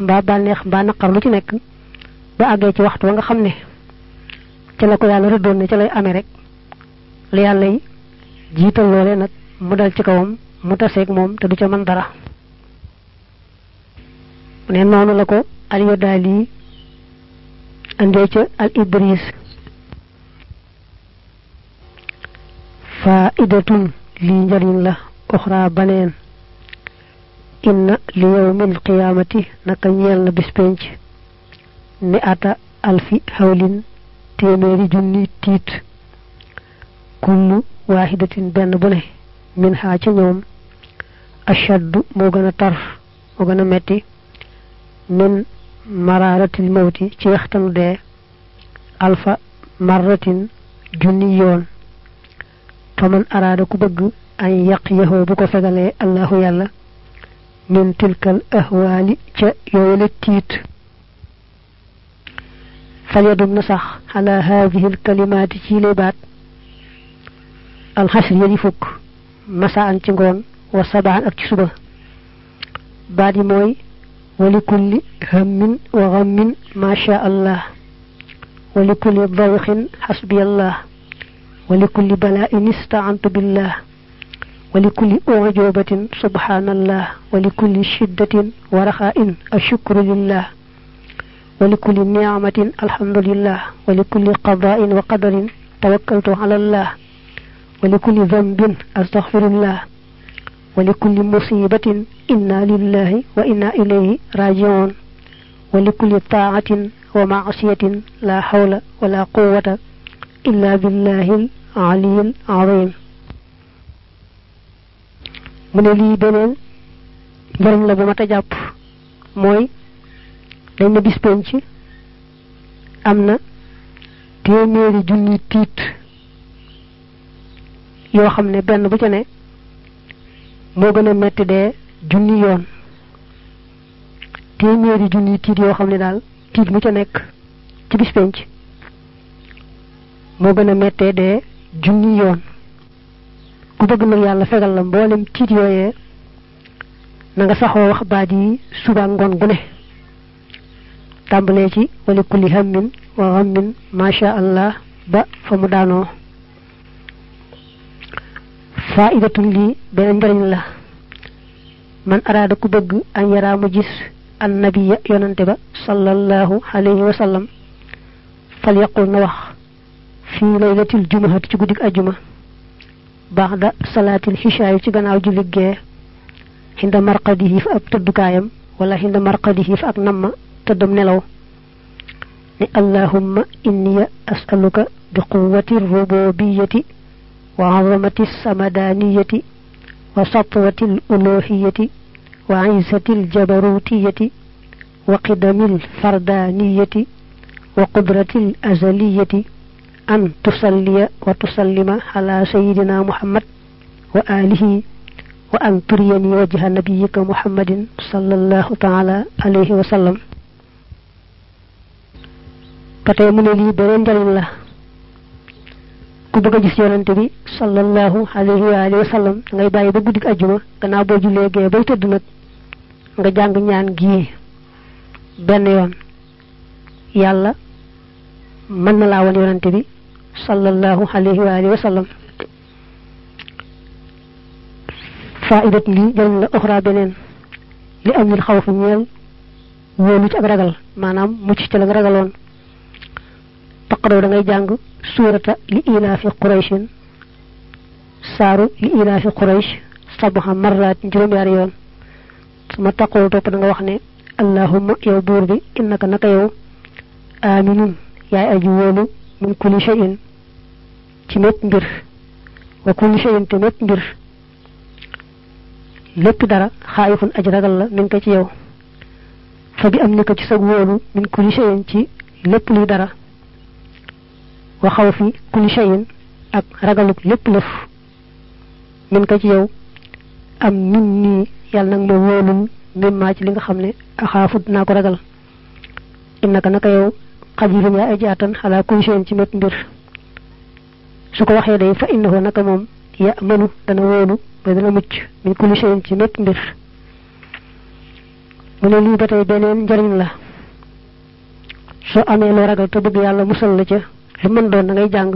mbaa bànneex mbaa naqar lu ci nekk ba àggee ci waxtu wa nga xam ne ca la ko yàlla rëddoon ne ca lay amee rek li yàlla yi jiital loole nag mu dal ci kawam mu taseeg moom te du ca mën dara mu ne noonu la ko Aliou yi andee ca al idris faidatun li njariñ la uxra baneen inna li yawmil qiyaamati naka ñeel na bis penc ni ata alfi téeméeri junni tiit kullu waahidatin benn bu ne min xaa ñoom ashaddu moo gën a tar moo gën a metti min maraaratil mawti ci waxtanu alfa marratin junni yoon faman araada ku bëgg an yàq yaxoo bu ko fegalee allahu yàlla min tilkal ahwaali ca yooyale tiit falyadum na sax ala haadihi alkalimaati ci lay baat alxasriya di fukk masaan ci ngoon wa sabaan ci suba baat yi mooy walikulli hammin wa ghammin ma sha allah walikulli dawxin xasbiyallah walikulli bala'in ista'antu billah walikulli ujubatin subhanallah walikulli shiddatin wa raxain ashukru lillah walikulli niamatin alhamdulillah walikulli qadain wa qadarin tawakkaltu ala allah walikulli dambin astaghfirullah wa li kulli musibatin lillahi wa inna ilayhi rajiun wa li kulli wa maasiyatin la hawla wala quwata illa billahi al aliyil azim mu ne lii beneen njëriñ la bu mat a jàpp mooy dañ na bis am na téeméeri junni tiit yoo xam ne benn bu ca ne moo gën a metti dee junni yoon téeméeri junni tiit yoo xam ni daal tiit mu ca nekk ci bis moo gën a mettee dee junni yoon ku bëgg nag yàlla fegal la mboolem tiit yooyee na nga saxoo wax baat yi suba ngoon gu tàmbalee ci wali kulli hammin wa ghammin masha allah ba fa mu daanoo faidatun lii benn njariñ la man araada ku bëgg an yaraa mu gis annabiya yonante ba sallallahu alayhi wa sallam fal yaqul na wax fii laylatil jumahati ci guddig ajuma baxda salaatil xishaayu ci gannaaw julli gee xinda marqadihi fa ab tëddukaayam wala xinda marqadihi fa ak namma tëddam nelaw ni allahumma inni as'aluka bi quwwati rububiyati wa azamati samadaniyati wa satwati l olohiyati wa izati l jabarutiyati wa qidami l fardaniyati wa qudrati l azaliyati an tusalliya wa tusallima ala sayidina muhammad wa alihi wa an turiyani wajha nabiyika muhammadin sallallahu taala alayhi wa sallam ba tey mu ne lii beneen njariñ la ku bëgg a gis yonante bi sallallahu alayhi wa alihi ngay bàyyi ba guddik ajjuma gannaaw boo jullee gee bay tëdd nag nga jàng ñaan gii benn yoon yàlla mën na laa woon yonante bi sallallahu alayhi wa alihi wa sallam faidat lii jëriñ la oxra beneen li am nil xawf ñeel wóolu ci ak ragal maanaam mucc ci la nga ragaloon taqaraw da ngay jàng suurata li inaafi qurayshin saaru li inaafi quraysh sabaxa marraat juróom-ñaari yoon suma taqaraw topp da nga wax allahumma yow buur bi innaka naka yow aminun yaay aji wóolu min kulli shay'in ci mépp mbir wa kulli shay'in te mépp mbir lépp dara xaayifun aj ragal la min ko ci yow fa bi am ni ci sag wóolu min kulli shay'in ci lépp dara wa lépp lëf min ci li nga xam ne axaafut ko ragal innaka xalaa kulli ci mépp waxee day fa innahu naka moom ya mënu dana wóolu ba dana mucc min kulli shay'in ci mépp mbir mu ne lii ba tey beneen njëriñ la soo amee loo ragal te bëgg yàlla musal la ca li mën doon da jàng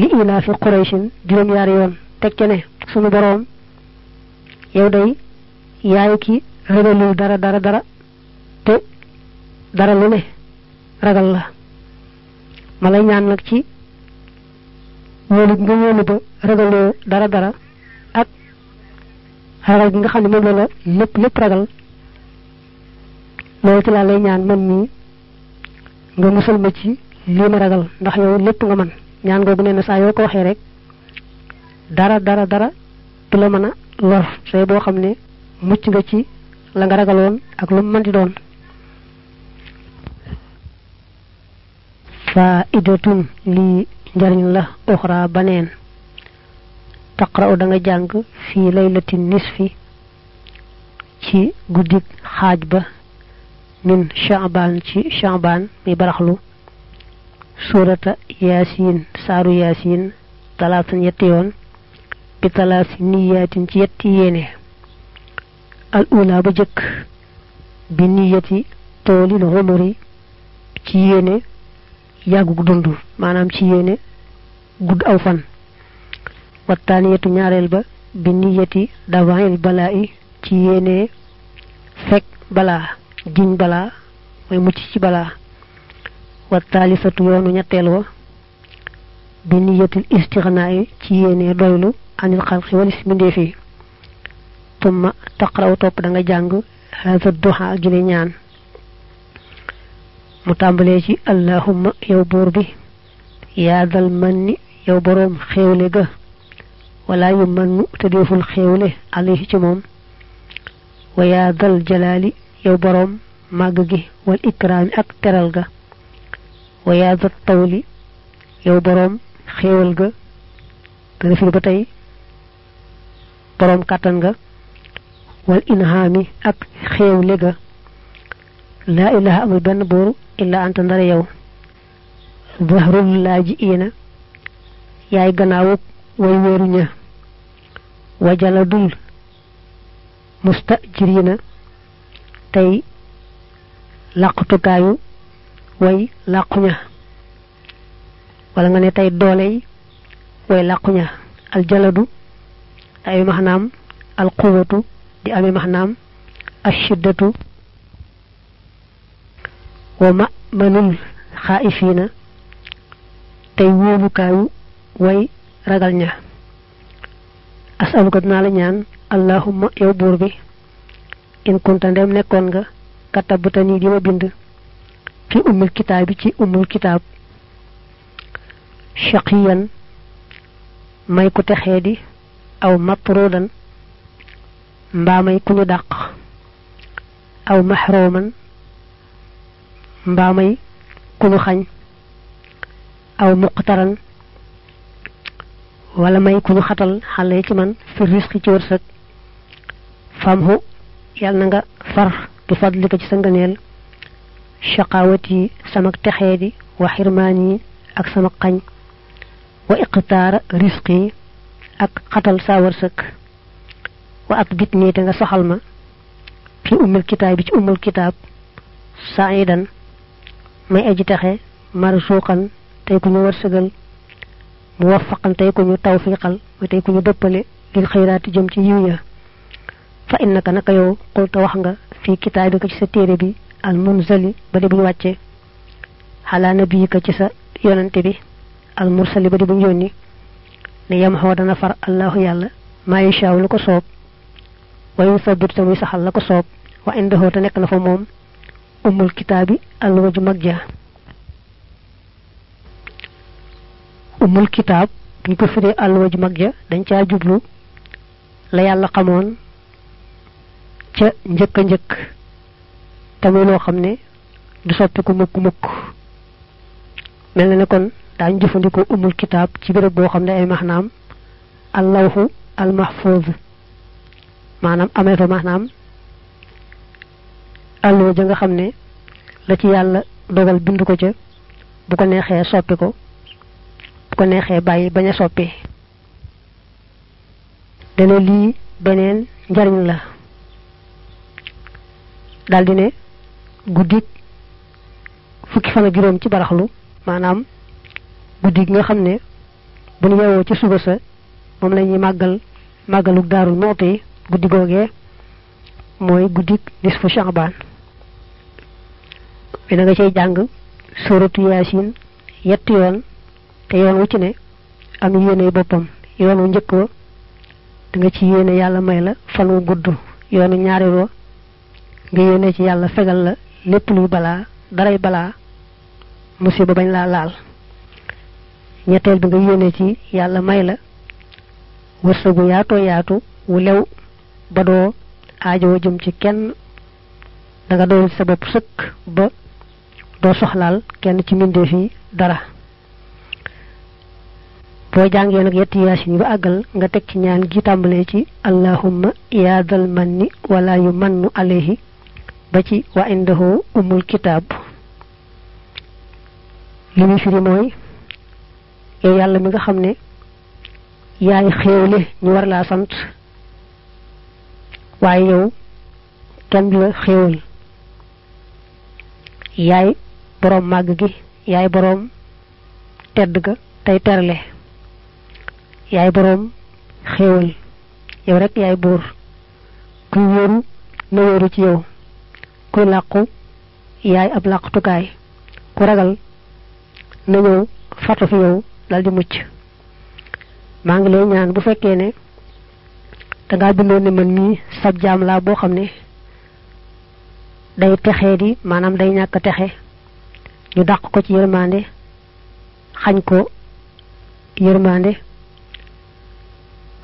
li ilaa fi quraysin juróom-ñaari yoon teg ca ne sunu boroom yow day yaayu ki ragalul dara dara dara te dara lu ne ragal la ma lay ñaan nag ci wóolu nga wóolu ba ragaloo dara dara ak ragal gi nga xam ne moom la la lépp lépp ragal loolu ci laa lay ñaan man mii nga musal ma ci lii ma ragal ndax yow lépp nga man ñaan googu nee na saa yoo ko waxee rek dara dara dara du la mën a lor say boo xam ne mucc nga ci la nga ragaloon ak lu mu mën doon fa idatun lii njariñ la oxra baneen taqra'u da nga jàng fii laylati nisfi ci guddig xaaj ba min chaban ci chaban mi baraxlu suurata yaasin saaru yaasin talaatan ñetti yoon bi talaasi niyaatin ci yetti yéene al ba jëkk bi niyati toolil xumuri ci yéene yàggug dund maanaam ci yéene gudd aw fan wattaaniyatu ñaareel ba bi niyati davail balaa i ci yéene fekk balaa jiñ balaa mooy mucc ci balaa wa taalisatu yoonu ñetteel wa bi niyatil istixnaayi ci yéenee doylu anil xalqi walis mbindéef yi tumma taqraw topp da jàng haza duha gi ne ñaan mu tàmbalee ci allahumma yow buur bi yaa dal manni yow boroom xéewle ga wala yu mannu te deeful alayhi ci moom wa yaa dal jalaali yow boroom màgg gi wal ikraami ak teral ga wa yaa dat tawli yow boroom xéewal ga dana firi ba tey boroom kàttan nga wal inhaami ak xéewle ga laa ilaha amul benn buur illa anta ndara yow zahrul laaji yaay gannaawub way wéeru ña wa jaladul tey làqutukaayu way làquña wala nga ne tey dooley way làquña aljaladu di amee maxnaam alquwatu di amee maxnaam ashiddatu wa ma manul xaa'ifiina tey wóolukaayu way ragal ña asaluka dinaa la ñaan allahumma yow buur bi in kunta ndem nekkoon nga katabtani di ma bind fi ummul kitaabi ci ummul kitaab shaqiyan may ku texee di aw matrudan mbaa may ku ñu dàq aw maxruman mbaa may ku ñu xañ aw muqtaran wala may ku ñu xatal xale ci man fi risqi ci wërsëg famhu yàlla na nga far bi fadlika ci sa chaqaawat yi sama texee di wa xirmaan ak sama xañ wa iqtaara risque ak xatal saa wërsëg wa ak bit nga soxal ma fi ummul kitaab bi ci ummul kitaab saa idan may aji texe marsuuqan tey ku ñu wërsëgal mu wafaqan tey ku ñu tawfiqal ma tey ku ñu dëppale lil xayraati jëm ci yiw ya fa innaka naka yow xulta wax nga fii kitaabika ci sa téere bi al munzali ba di buñ wàccee xalaa nabiyika ci sa yonante bi al mursali ba di buñ yónni ne yam xoo dana far allahu yàlla maa yashaaw lu ko soob wa yuthabit te saxal la ko soob wa indahu te nekk na fa moom umul kitaabi alwa ju mag ja umul kitaab buñ ko firee alwa ju mag ja dañ ca jublu la yàlla xamoon ca njëkk a njëkk tamit loo xam ne du ku mukk mukk mel na ne kon daañu jëfandikoo umul kitaab ci béréb boo xam ne ay maxnaam allawxu almahfuz maanaam amee fa maxnaam allo ja nga xam ne la ci yàlla dogal bind ko ca bu ko neexee soppi ko bu ko neexee bàyyi bañ a soppi dana lii beneen njariñ la daldi ne guddik fukki fan ak juróom ci baraxlu maanaam guddi gi nga xam ne bu ñu yeewoo ci suba sa moom la màggal màggalu daarul moot yi guddi googee mooy guddik nisfu Sha'ban bi na nga cay jàng sóoratu yaasin yetti yoon te yoon wu ci ne am yéene boppam yoonu njëkk wa da nga ci yéene yàlla may la fan wu gudd yoonu ñaareeloo nga yéene ci yàlla fegal la lépp luy balaa daray balaa musiba bañ laa laal ñetteel bi nga yéene ci yàlla may la wërsëgu yaatoo yaatu wu lew ba doo aajoo jëm ci kenn da nga doyal sa sëkk ba doo soxlaal kenn ci mbindeef yi dara boo jàngee nag yetti yaasin yi àggal nga teg ci ñaan gi tàmbalee ci allahumma yaadal manni wala yu mannu alayhi ba ci wa indahu umul kitaab li muy firi yow yàlla mi nga xam ne yaay xéewle ñu war laa sant waaye yow kenn du la xéewal yaay boroom màgg gi yaay boroom tedd ga tey terle yaay boroom xéewal yow rekk yaay buur kuy wóoru na ci yow kuy làqu yaay ab làqutukaay ku ragal na ñëw fatu fi yow dal di mucc maa ngi lay ñaan bu fekkee ne dangaa bindoon ne man mii sab jaam laa boo xam ne day texee di maanaam day ñàkk texe ñu dàq ko ci yërmande xañ ko yërmande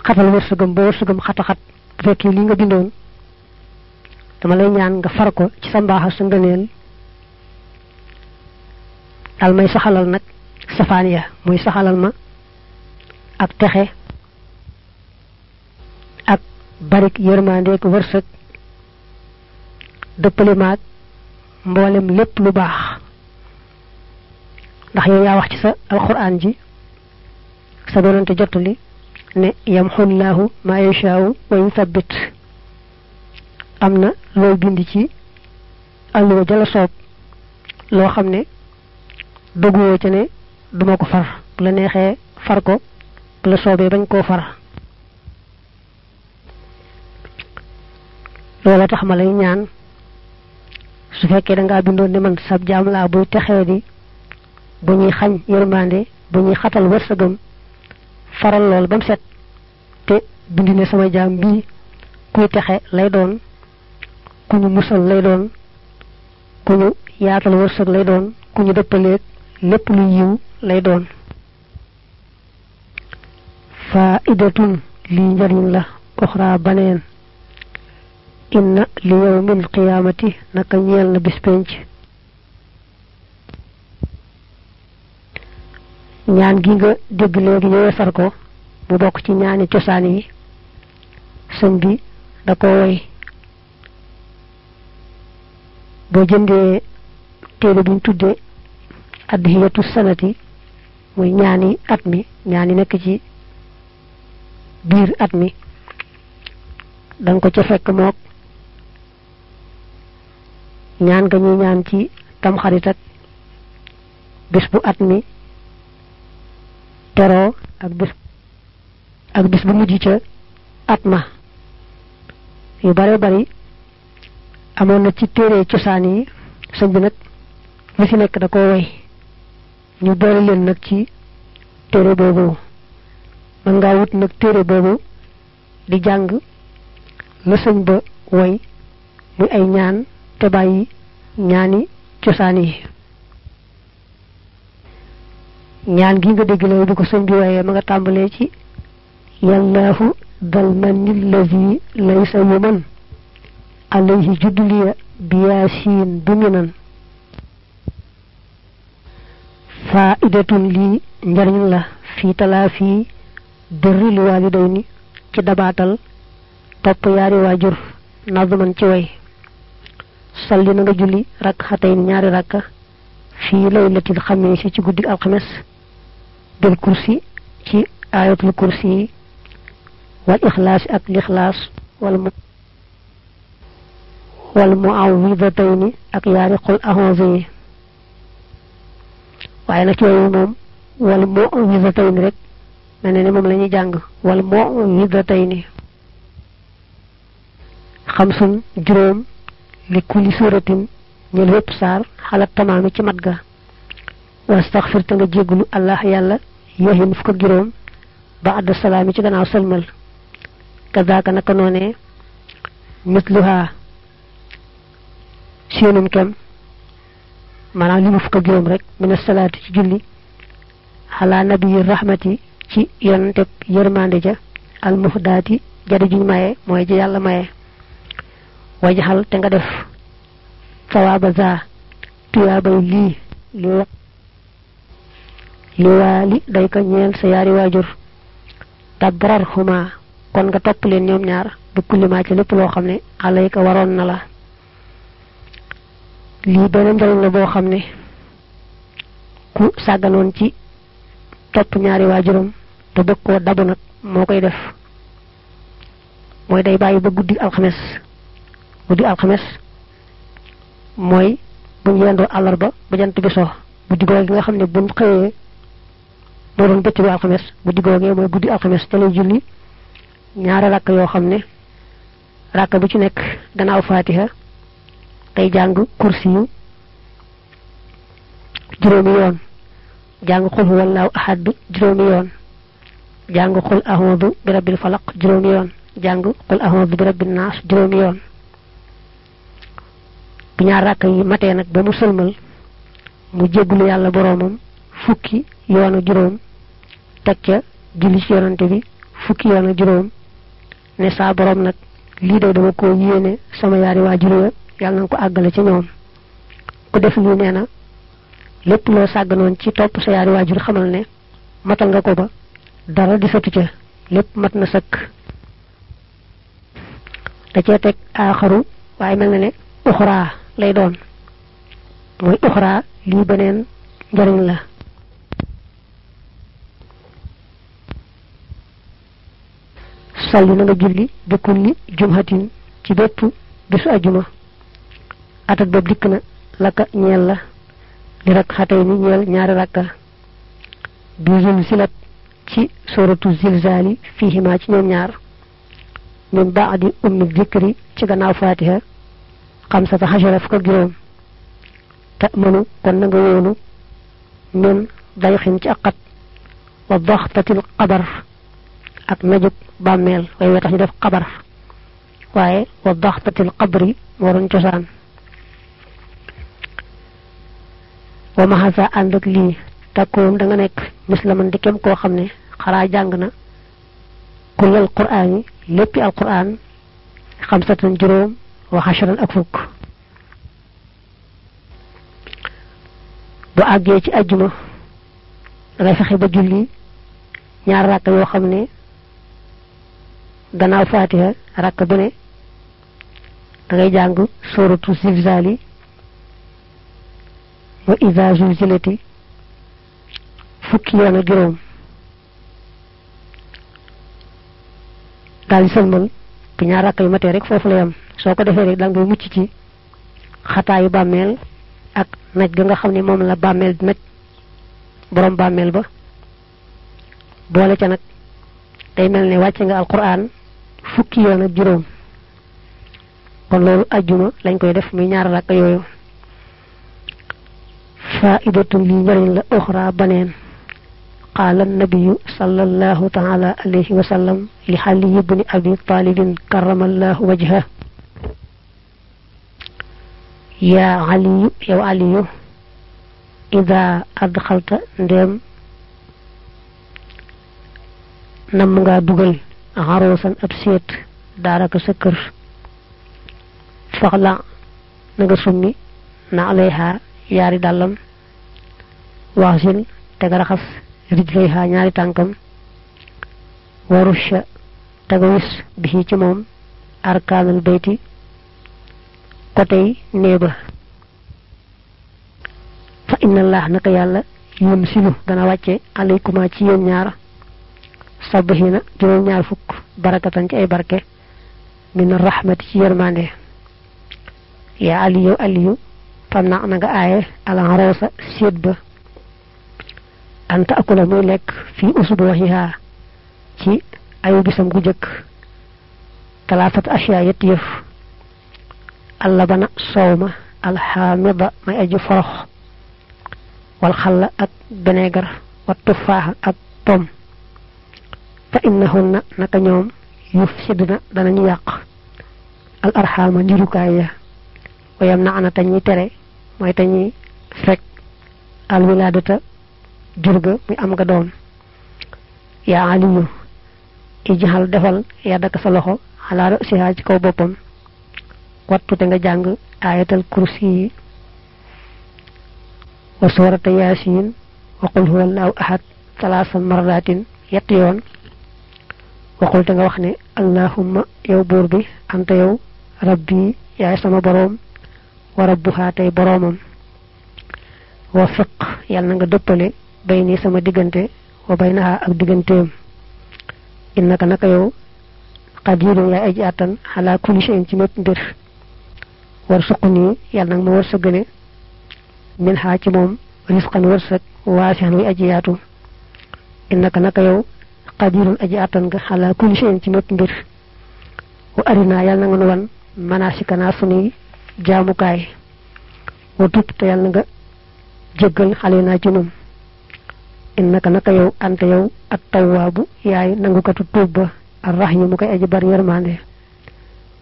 xatal wërsëgam ba wërsëgam xata xat bu fekkee li nga bindoon dama lay ñaan nga far ko ci sa mbaax sa ngëneel dal may saxalal nag safaan ya muy saxalal ma ak texe ak barik yërmandeek wërsëg dëppale maag mboolem lépp lu baax ndax yow yaa wax ci sa alquran ji sa doonante jottali ne yamxullaahu ma yashaa'u wa yuthabbit am na looy bind ci alluwa jala soob loo xam ne dogguwoo ci ne duma ko far bu la neexee far ko bu la soobee bañ koo far loola tax ma lay ñaan su fekkee dangaa bindoon ne man sab jaam laa buy texee di bu ñuy xañ yërmande bu ñuy xatal wërsëgam faral lool ba mu set te bind ne sama jaam bii kuy texe lay doon ku ñu musal lay doon ku ñu yaatal wërsëg lay doon ku ñu dëppaleeg lépp lu yiw lay doon faidatun lii njariñ la oxra baneen inna li yawmil qiyaamati naka ñeel na bis ñaan gi nga dégg léegi ñu weesar ko mu bokk ci ñaani cosaan yi sëñ bi da ko woy boo jëndee téere buñ tuddee addiyatu sanati muy ñaani at mi ñaani nekk ci biir at mi da ko ca fekk mook ñaan nga ñuy ñaan ci tamxarit ak bis bu at mi teroo ak bis ak bis bu mujj ca at ma yu bare bari amoon na ci téere cosaan yi sëñ bi nag lu ci nekk da ko woy ñu boole leen nag ci téere boobu mën ngaa wut nag téere boobu di jàng la sëñ ba woy muy ay ñaan te bàyyi ñaani cosaan yi ñaan gi nga dégg la bu ko sëñ bi tàmbalee ci yàllaahu dal man ni lazi laysa mu man alayhi juddliya bi yaasiin bi minan faidatun lii njariñ la fii talaafi birril waalidayni ci dabaatal topp yaari waajur nazman ci way salli na nga julli rakk xatayn ñaari rakka fii laylatil xamiisi ci guddi alxames bil kursi ci ayatul kursi wal ixlaasi ak lixlaas wal mu wal muawwidatayni ak yaari qul a'uuzu yi waaye nag yooyu moom wal muawwidatayni rek na ne moom la jàng wal muawwidatayni xamsun juróom li kulli suuratin ñël wépp saar xalaat tamaami ci mat ga wastaxfir nga jéggulu allah yàlla yoxin fukk ak juróom ba àdd salaami ci gannaaw sëlmal kazaaka naka noonee misluha ci seenum kem maanaam li mu fukk ak juróom rek mina salaatu ci julli ala nabi rahmati ci yonanteb yërmande ja al muhdaati juñ maye mooy ji yàlla maye wajaxal te nga def sawaaba za tuyaabay lii waa liwaali day ko ñeel sa yaari waajur tabrar xuma kon nga topp leen ñoom ñaar bu kullimaa ci lépp loo xam ne ko waroon na la lii beneen njariñ la boo xam ne ku sàgganoon ci topp ñaari waa waajuram te bëgg koo dabu nag moo koy def mooy day bàyyi ba guddi alxames guddi alxames mooy buñ yendoo àllarba ba jant bi bu guddi googee nga xam ne buñ xëyee moo doon bëccëgu alxames guddi googee mooy guddi alxames te lay julli ñaari rakk yoo xam ne rakk bu ci nekk gannaaw faatiha tey jàng kursi yu juróomi yoon jàng xul huwallaahu ahad juróomi yoon jàng bi rabbil falaq juróomi yoon jàng xul ahudu bi rabbin naas juróomi yoon bu ñaar ràkk yi matee nag ba mu sëlmal mu jéggulu yàlla boroomam fukki yoonu juróom teg ca yonante bi fukki yoonu juróom ne saa boroom nag lii day dama ko yéene sama yaari waajur ya yàlla na ko àggale ci ñoom ku def lii nee lépp loo sàgganoon ci topp sa yaari waajur xamal ne matal nga ko ba dara desatu ca lépp mat na sëkk da cee teg aaxaru waaye mel na ne uxraa lay doon mooy uxraa lii beneen njariñ la salli na nga julli bi kulli jumhatin ci bépp bisu ajuma atak boobu dikk na lakka ñeel li rakk xatay ni ñeel ñaari rakka bi zulzilat ci suratu zilzali fiihima ci ñoom ñaar min baadi ummi dikri ci gannaaw fatiha xamsata xajara fukk ak juróom te mënu kon na nga wóolu min dayxin ci aqat wa daxtatil xabar ak najub bàmmeel way wee tax ñu def xabar waaye wa daxtatil xabri moo doon cosaan wa mahasa ànd ak lii takkoom da nekk mislaman di kem koo xam ne xaraa jàng na kullal quraan yi léppi al quraan xamsatan juróom wa xasharan ak fukk bu àggee ci ajjuma dangay fexe ba julli ñaar ràkk yoo xam ne gannaaw faatiha ràkk bu ne dangay jàng sóoratu zilzaal yi wa ida zulzilati fukki yoon ak juróom daal di sëlmal bu ñaar rakk yu matee rek foofu lay soo ko defee rek da mucc ci xataayu bàmmeel ak naj ga nga xam ni moom la bàmmeel naj borom bàmmeel ba boole ca nag day mel ni wàcce nga alquran fukki yoon ak juróom kon loolu ajjuma lañ koy def muy ñaar rakk yooyu faa'idatun li njëriñ la uxra baneen qaala nabiyu sallallahu taala alayhi wa sallam li xali ibni abi talibin karamallahu wajha yaa aliyu yow aliyu ida adxalta ndéem nam nga dugal xaruusan ab daaraka sa kër faxla summi na alayha yaari dàllam waxsil te raxas rijlay xaa ñaari tànkam warusha te wis bi ci moom arkaanul bayti côté néeba fa inna allah naka yàlla yoon silu dana wàcce alaykuma ci yéen ñaar sabbahina juróom ñaar fukk barakatan ci ay barke min rahmati ci yërmande yaa aliyu aliyu tamna na nga aaye alanrosa séet ba anta akula muy lekk fii usbuhiha ci ayu bisam gu jëkk talatat asiya yett yëf allabana soow ma alxaamida may aju forox wal xalla ak benegar wa tufaaxa ak pom fa innahunna naka ñoom yuf sidna danañu al arxaama njurukaay ya wayam na ana tere mooy dañuy fekk alwilaadata jur ga muy am nga doom yaa aliyu ijxal defal yaddaka sa loxo xalaa rasiha ci kaw boppam wattu te nga jàng ayatal kursi yi wa suurata yaasiin wa qul huwa allahu ahad talaasa marratin yett yoon wa qul nga wax ne allahumma yow buur bi anta yow rabbi yaay sama boroom wa rabbuha tey boroomam wa fiq yàlla na nga dëppale bay nii sama diggante wa bay naha ak digganteem innaka naka yow qadirun lay aji àttan xalaa kulli shay'in ci mépp mbir war suqu nii ci moom risqan wërsëg yow qadirun aji àttan nga xalaa ci na nga nu wan manaasikana sunuy jaamukaay wa tub te yàlla nga jéggal xale naa ci nun innaka naka yow anta yow ak tawwaabu yaay nangukatu tuub ba arrahimu mu koy aji bari yërmande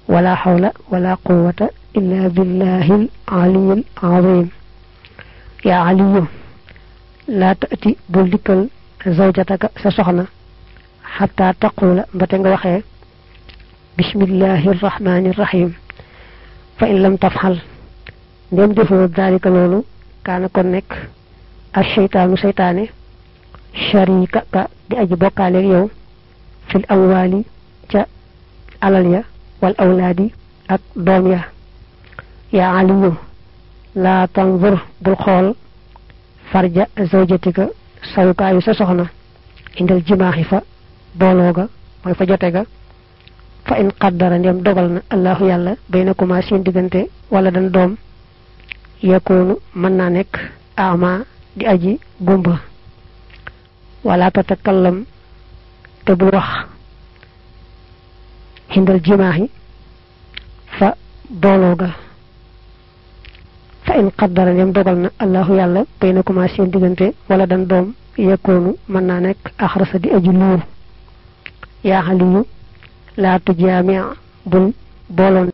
wala xawla wala quwata illa billahil aliyil azim yaa aliyu laa taati bul dikkal zawjataka sa soxna xataa taquula mbate nga waxee bismillahi rahmani fa in lam tafxal ndem defoo daalika loolu kaana kon nekk ak seytaanu seytaane sharika ka di aji bokkaaleeg yow fil amwaali ca alal ya wal awlaadi ak doom ya yaa aliyu laa tanzur bul xool farja zawjatika sawukaayu sa soxna indal jimaaxi fa booloo ga mooy fa jote ga fa in qaddara ndem dogal na allahu yàlla baynakuma seen diggante wala dan doom yakunu mën naa nekk ama di aji gumba wala tatakallam te bu wax xindal jimaahi fa booloo ga fa in qaddara ndem dogal na allahu yàlla baynakuma seen diggante wala dan doom yakunu mën naa nekk axrasa di aji luur yaa xaliyu laatu jaamia bul booloon